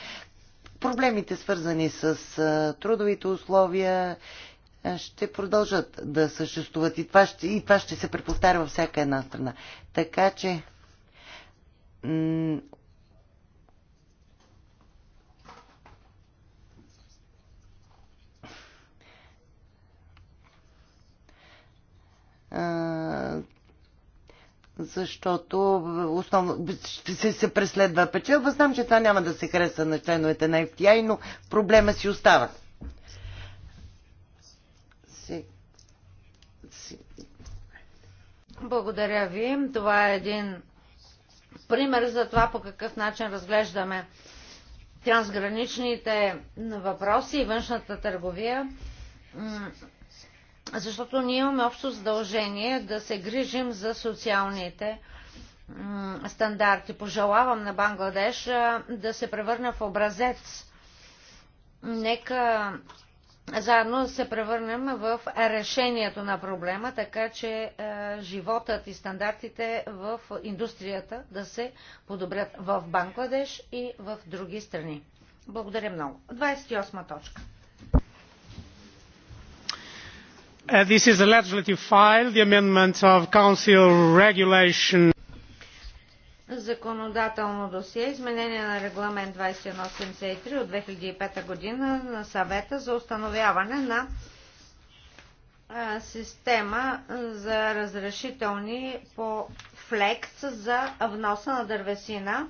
проблемите свързани с трудовите условия ще продължат да съществуват и това ще, и това ще се преповтаря във всяка една страна. Така че защото основно се, се преследва печелба. Знам, че това няма да се хареса на членовете на FTI, но проблема си остава. Благодаря ви. Това е един пример за това по какъв начин разглеждаме трансграничните въпроси и външната търговия защото ние имаме общо задължение да се грижим за социалните стандарти. Пожелавам на Бангладеш да се превърне в образец. Нека заедно се превърнем в решението на проблема, така че е, животът и стандартите в индустрията да се подобрят в Бангладеш и в други страни. Благодаря много. 28 точка. Uh, this is a legislative file, the amendment of Council Regulation. Законодателно досие, изменение на регламент 2183 от 2005 година на съвета за установяване на система за разрешителни по флект за вноса на дървесина.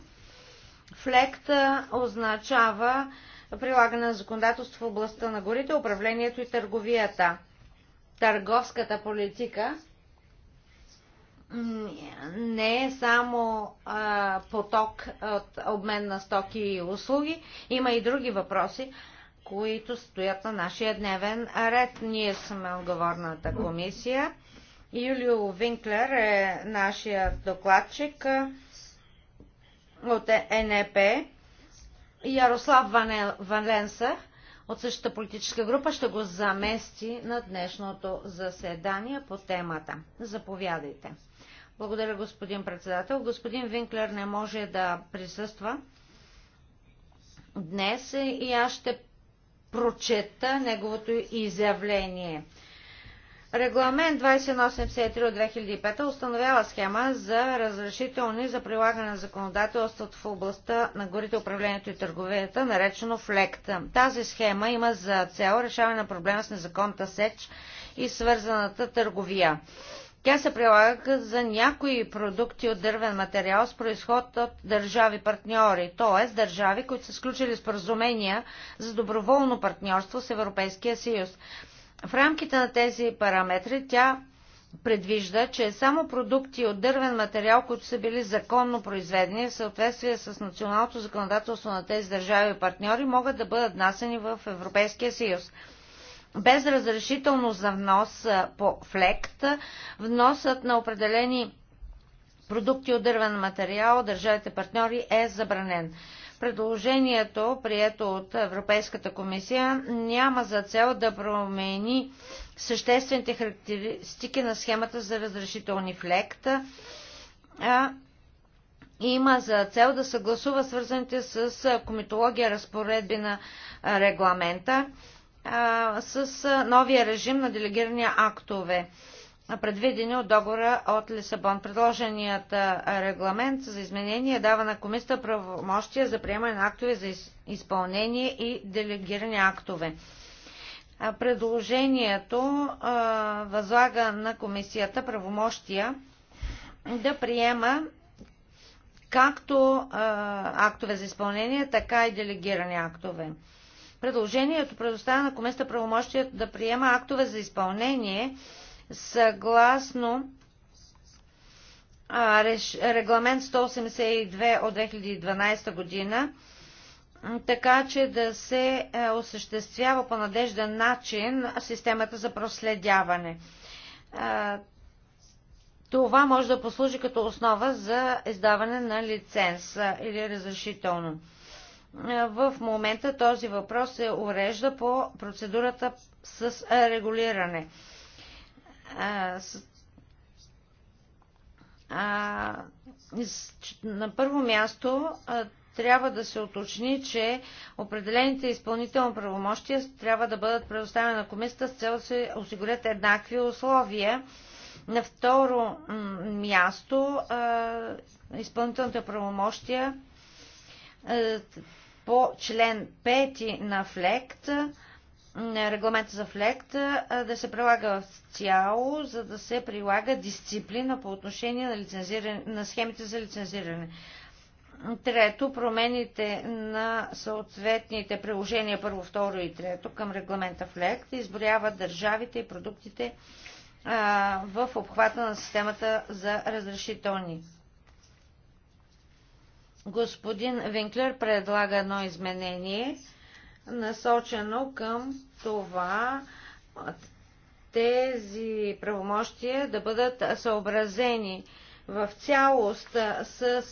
Флект означава прилагане на законодателство в областта на горите, управлението и търговията търговската политика не е само а, поток от обмен на стоки и услуги, има и други въпроси, които стоят на нашия дневен ред. Ние сме отговорната комисия. Юлио Винклер е нашия докладчик от ЕНЕП. Ярослав Валенса от същата политическа група ще го замести на днешното заседание по темата. Заповядайте. Благодаря, господин председател. Господин Винклер не може да присъства днес и аз ще прочета неговото изявление. Регламент 2183 от 2005 установява схема за разрешителни за прилагане на законодателството в областта на горите, управлението и търговията, наречено ФЛЕКТ. Тази схема има за цел решаване на проблема с незаконната сеч и свързаната търговия. Тя се прилага за някои продукти от дървен материал с происход от държави партньори, т.е. държави, които са сключили споразумения за доброволно партньорство с Европейския съюз. В рамките на тези параметри тя предвижда, че само продукти от дървен материал, които са били законно произведени в съответствие с националното законодателство на тези държави и партньори, могат да бъдат внасени в Европейския съюз. Без разрешително за внос по флект, вносът на определени продукти от дървен материал от държавите партньори е забранен. Предложението, прието от Европейската комисия, няма за цел да промени съществените характеристики на схемата за разрешителни флекта. има за цел да съгласува свързаните с комитология разпоредби на регламента с новия режим на делегирани актове предвидени от договора от Лисабон. Предложеният регламент за изменение дава на комисията правомощия за приемане на актове за изпълнение и делегирани актове. Предложението възлага на комисията правомощия да приема както актове за изпълнение, така и делегирани актове. Предложението предоставя на комисията правомощия да приема актове за изпълнение, Съгласно регламент 182 от 2012 година, така че да се е, осъществява по надежден начин системата за проследяване. Това може да послужи като основа за издаване на лиценз или разрешително. В момента този въпрос се урежда по процедурата с регулиране на първо място трябва да се уточни, че определените изпълнителни правомощия трябва да бъдат предоставени на комисията с цел да се осигурят еднакви условия. На второ място изпълнителните правомощия по член 5 на ФЛЕКТ регламента за флект да се прилага в цяло, за да се прилага дисциплина по отношение на, на схемите за лицензиране. Трето, промените на съответните приложения първо, второ и трето към регламента ФЛЕКТ изборяват държавите и продуктите а, в обхвата на системата за разрешителни. Господин Винклер предлага едно изменение – насочено към това тези правомощия да бъдат съобразени в цялост с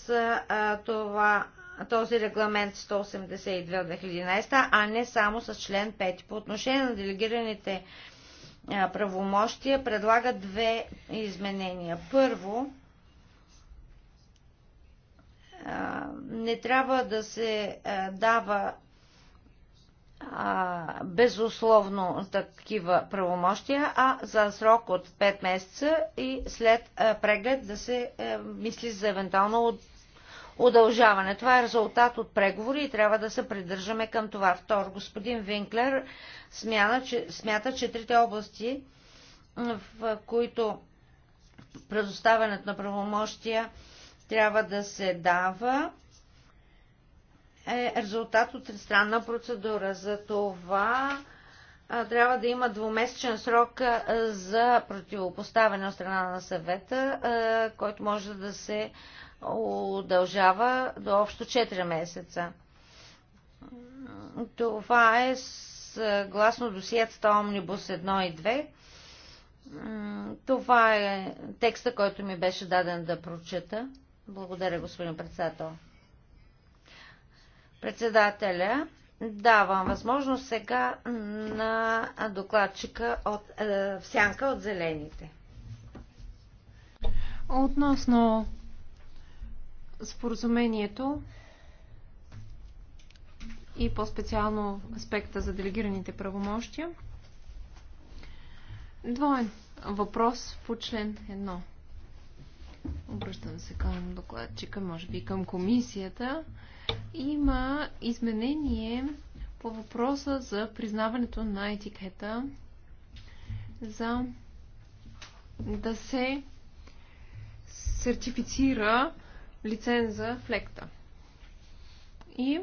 това, този регламент 182 2011, а не само с член 5. По отношение на делегираните правомощия предлага две изменения. Първо, не трябва да се дава безусловно такива правомощия, а за срок от 5 месеца и след преглед да се мисли за евентуално удължаване. Това е резултат от преговори и трябва да се придържаме към това. Второ, господин Винклер смята, че, смята, че трите области, в които предоставянето на правомощия трябва да се дава е резултат от странна процедура. За това трябва да има двумесечен срок за противопоставяне от страна на съвета, който може да се удължава до общо 4 месеца. Това е съгласно досиетата Омнибус 1 и 2. Това е текста, който ми беше даден да прочета. Благодаря, господин председател. Председателя, давам възможност сега на докладчика от, е, сянка от зелените. Относно споразумението и по-специално аспекта за делегираните правомощия, двоен въпрос по член Обръщам се към докладчика, може би към комисията. Има изменение по въпроса за признаването на етикета за да се сертифицира лиценза в лекта. И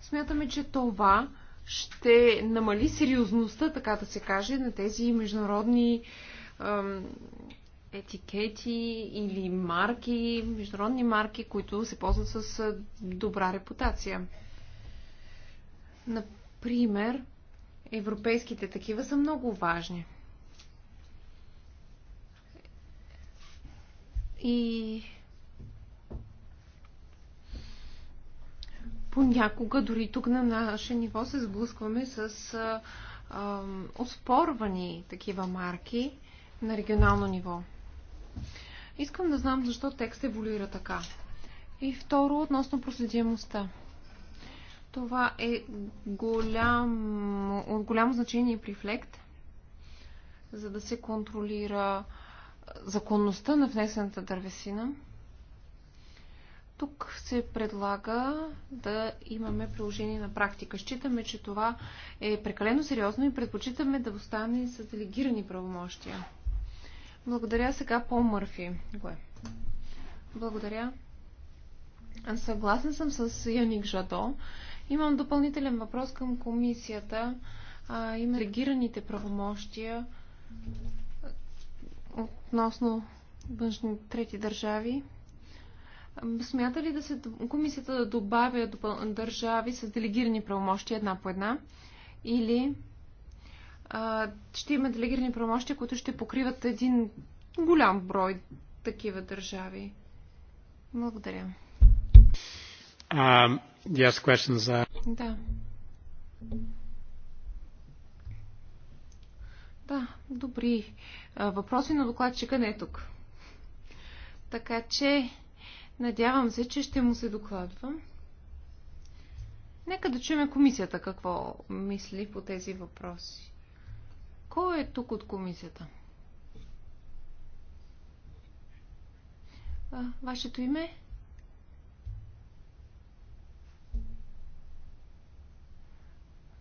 смятаме, че това ще намали сериозността, така да се каже, на тези международни етикети или марки, международни марки, които се ползват с добра репутация. Например, европейските такива са много важни. И понякога дори тук на наше ниво се сблъскваме с оспорвани такива марки на регионално ниво. Искам да знам защо текст еволюира така. И второ, относно проследимостта. Това е голямо, от голямо значение при флект, за да се контролира законността на внесената дървесина. Тук се предлага да имаме приложение на практика. Считаме, че това е прекалено сериозно и предпочитаме да остане с делегирани правомощия. Благодаря сега по Мърфи. Е. Благодаря. Аз съм с Яник Жадо. Имам допълнителен въпрос към комисията. А, има регираните правомощия относно външни трети държави. Смята ли да се, комисията да добавя допъл... държави с делегирани правомощи една по една? Или ще има делегирани правомощия, които ще покриват един голям брой такива държави. Благодаря. Um, yes, questions uh, Да. Да, добри. Въпроси на докладчика не е тук. Така че, надявам се, че ще му се докладва. Нека да чуем комисията какво мисли по тези въпроси. Кой е тук от комисията? А, вашето име?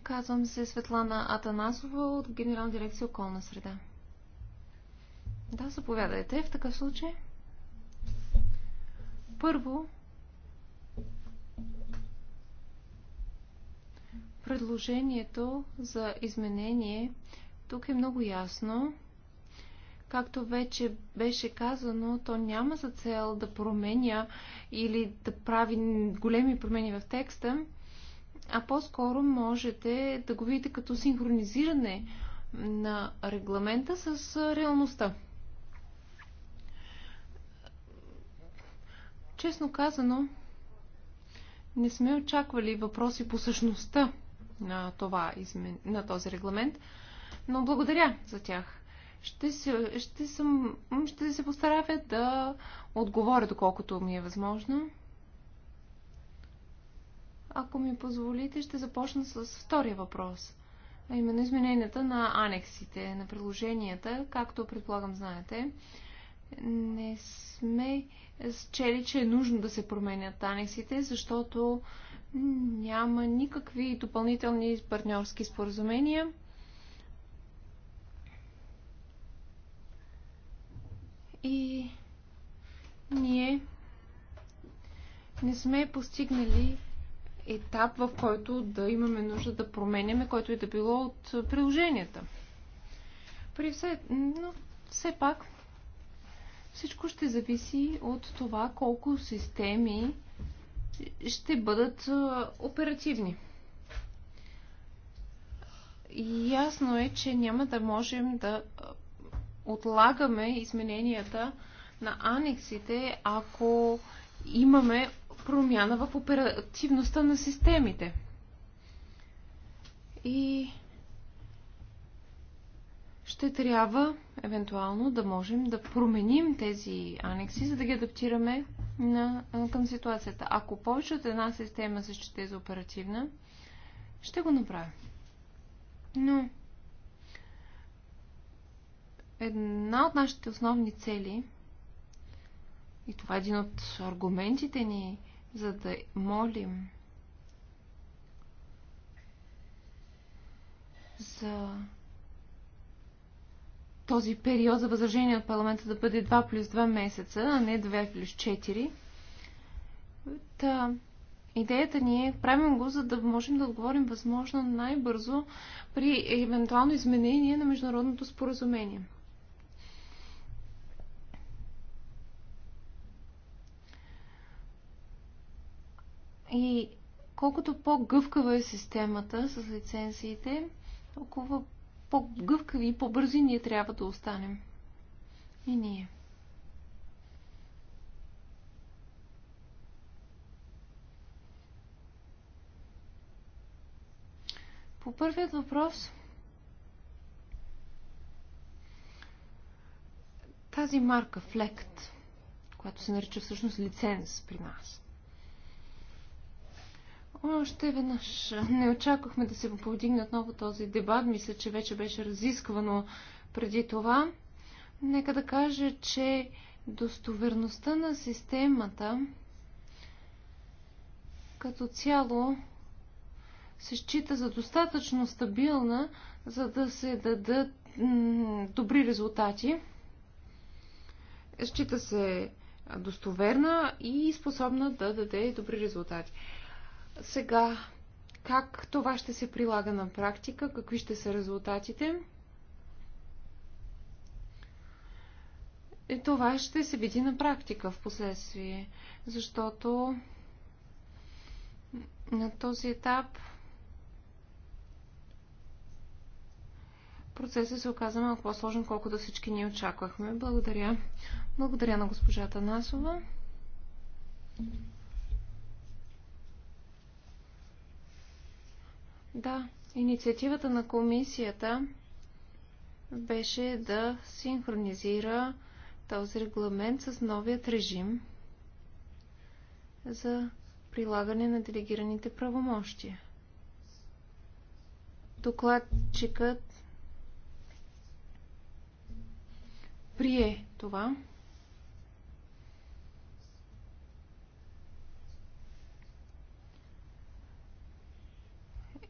Казвам се Светлана Атанасова от Генерална дирекция околна среда. Да, заповядайте в такъв случай. Първо, предложението за изменение тук е много ясно. Както вече беше казано, то няма за цел да променя или да прави големи промени в текста, а по-скоро можете да го видите като синхронизиране на регламента с реалността. Честно казано, не сме очаквали въпроси по същността на, това, на този регламент, но благодаря за тях. Ще се, ще съм, ще се постарая да отговоря доколкото ми е възможно. Ако ми позволите, ще започна с втория въпрос. А именно измененията на анексите, на приложенията, както предполагам знаете. Не сме счели, че е нужно да се променят анексите, защото няма никакви допълнителни партньорски споразумения. и ние не сме постигнали етап, в който да имаме нужда да променяме, който и е да било от приложенията. При все, но все пак всичко ще зависи от това колко системи ще бъдат оперативни. И Ясно е, че няма да можем да отлагаме измененията на анексите, ако имаме промяна в оперативността на системите. И ще трябва, евентуално, да можем да променим тези анекси, за да ги адаптираме на, към ситуацията. Ако повече от една система се счете за оперативна, ще го направя. Но Една от нашите основни цели, и това е един от аргументите ни, за да молим за този период за възражение от парламента да бъде 2 плюс 2 месеца, а не 2 плюс 4. Та, идеята ни е, правим го, за да можем да отговорим възможно най-бързо при евентуално изменение на международното споразумение. И колкото по-гъвкава е системата с лицензиите, толкова по-гъвкави и по-бързи ние трябва да останем. И ние. По първият въпрос, тази марка флект, която се нарича всъщност лиценз при нас, още веднъж не очаквахме да се повдигне отново този дебат. Мисля, че вече беше разисквано преди това. Нека да кажа, че достоверността на системата като цяло се счита за достатъчно стабилна, за да се дадат добри резултати. Счита се достоверна и способна да даде добри резултати. Сега, как това ще се прилага на практика? Какви ще са резултатите? И това ще се види на практика в последствие, защото на този етап процесът се оказа малко по-сложен, колкото всички ние очаквахме. Благодаря. Благодаря на госпожата Насова. Да, инициативата на комисията беше да синхронизира този регламент с новият режим за прилагане на делегираните правомощия. Докладчикът прие това.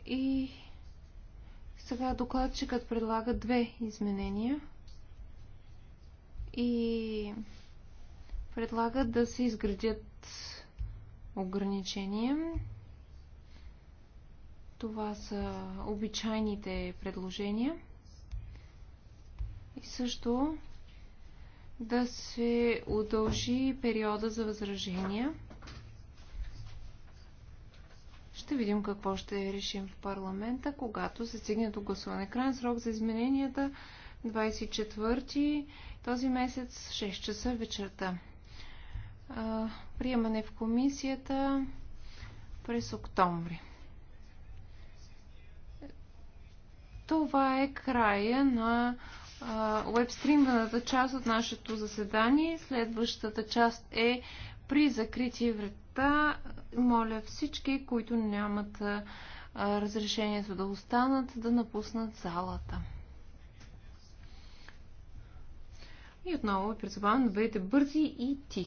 И сега докладчикът предлага две изменения и предлага да се изградят ограничения. Това са обичайните предложения. И също да се удължи периода за възражения Ще видим какво ще решим в парламента, когато се стигне до гласуване. Крайен срок за измененията 24 този месец 6 часа вечерта. Приемане в комисията през октомври. Това е края на уебстримваната част от нашето заседание. Следващата част е при закрити врата, моля всички, които нямат разрешението да останат, да напуснат залата. И отново ви призовавам да бъдете бързи и тихи.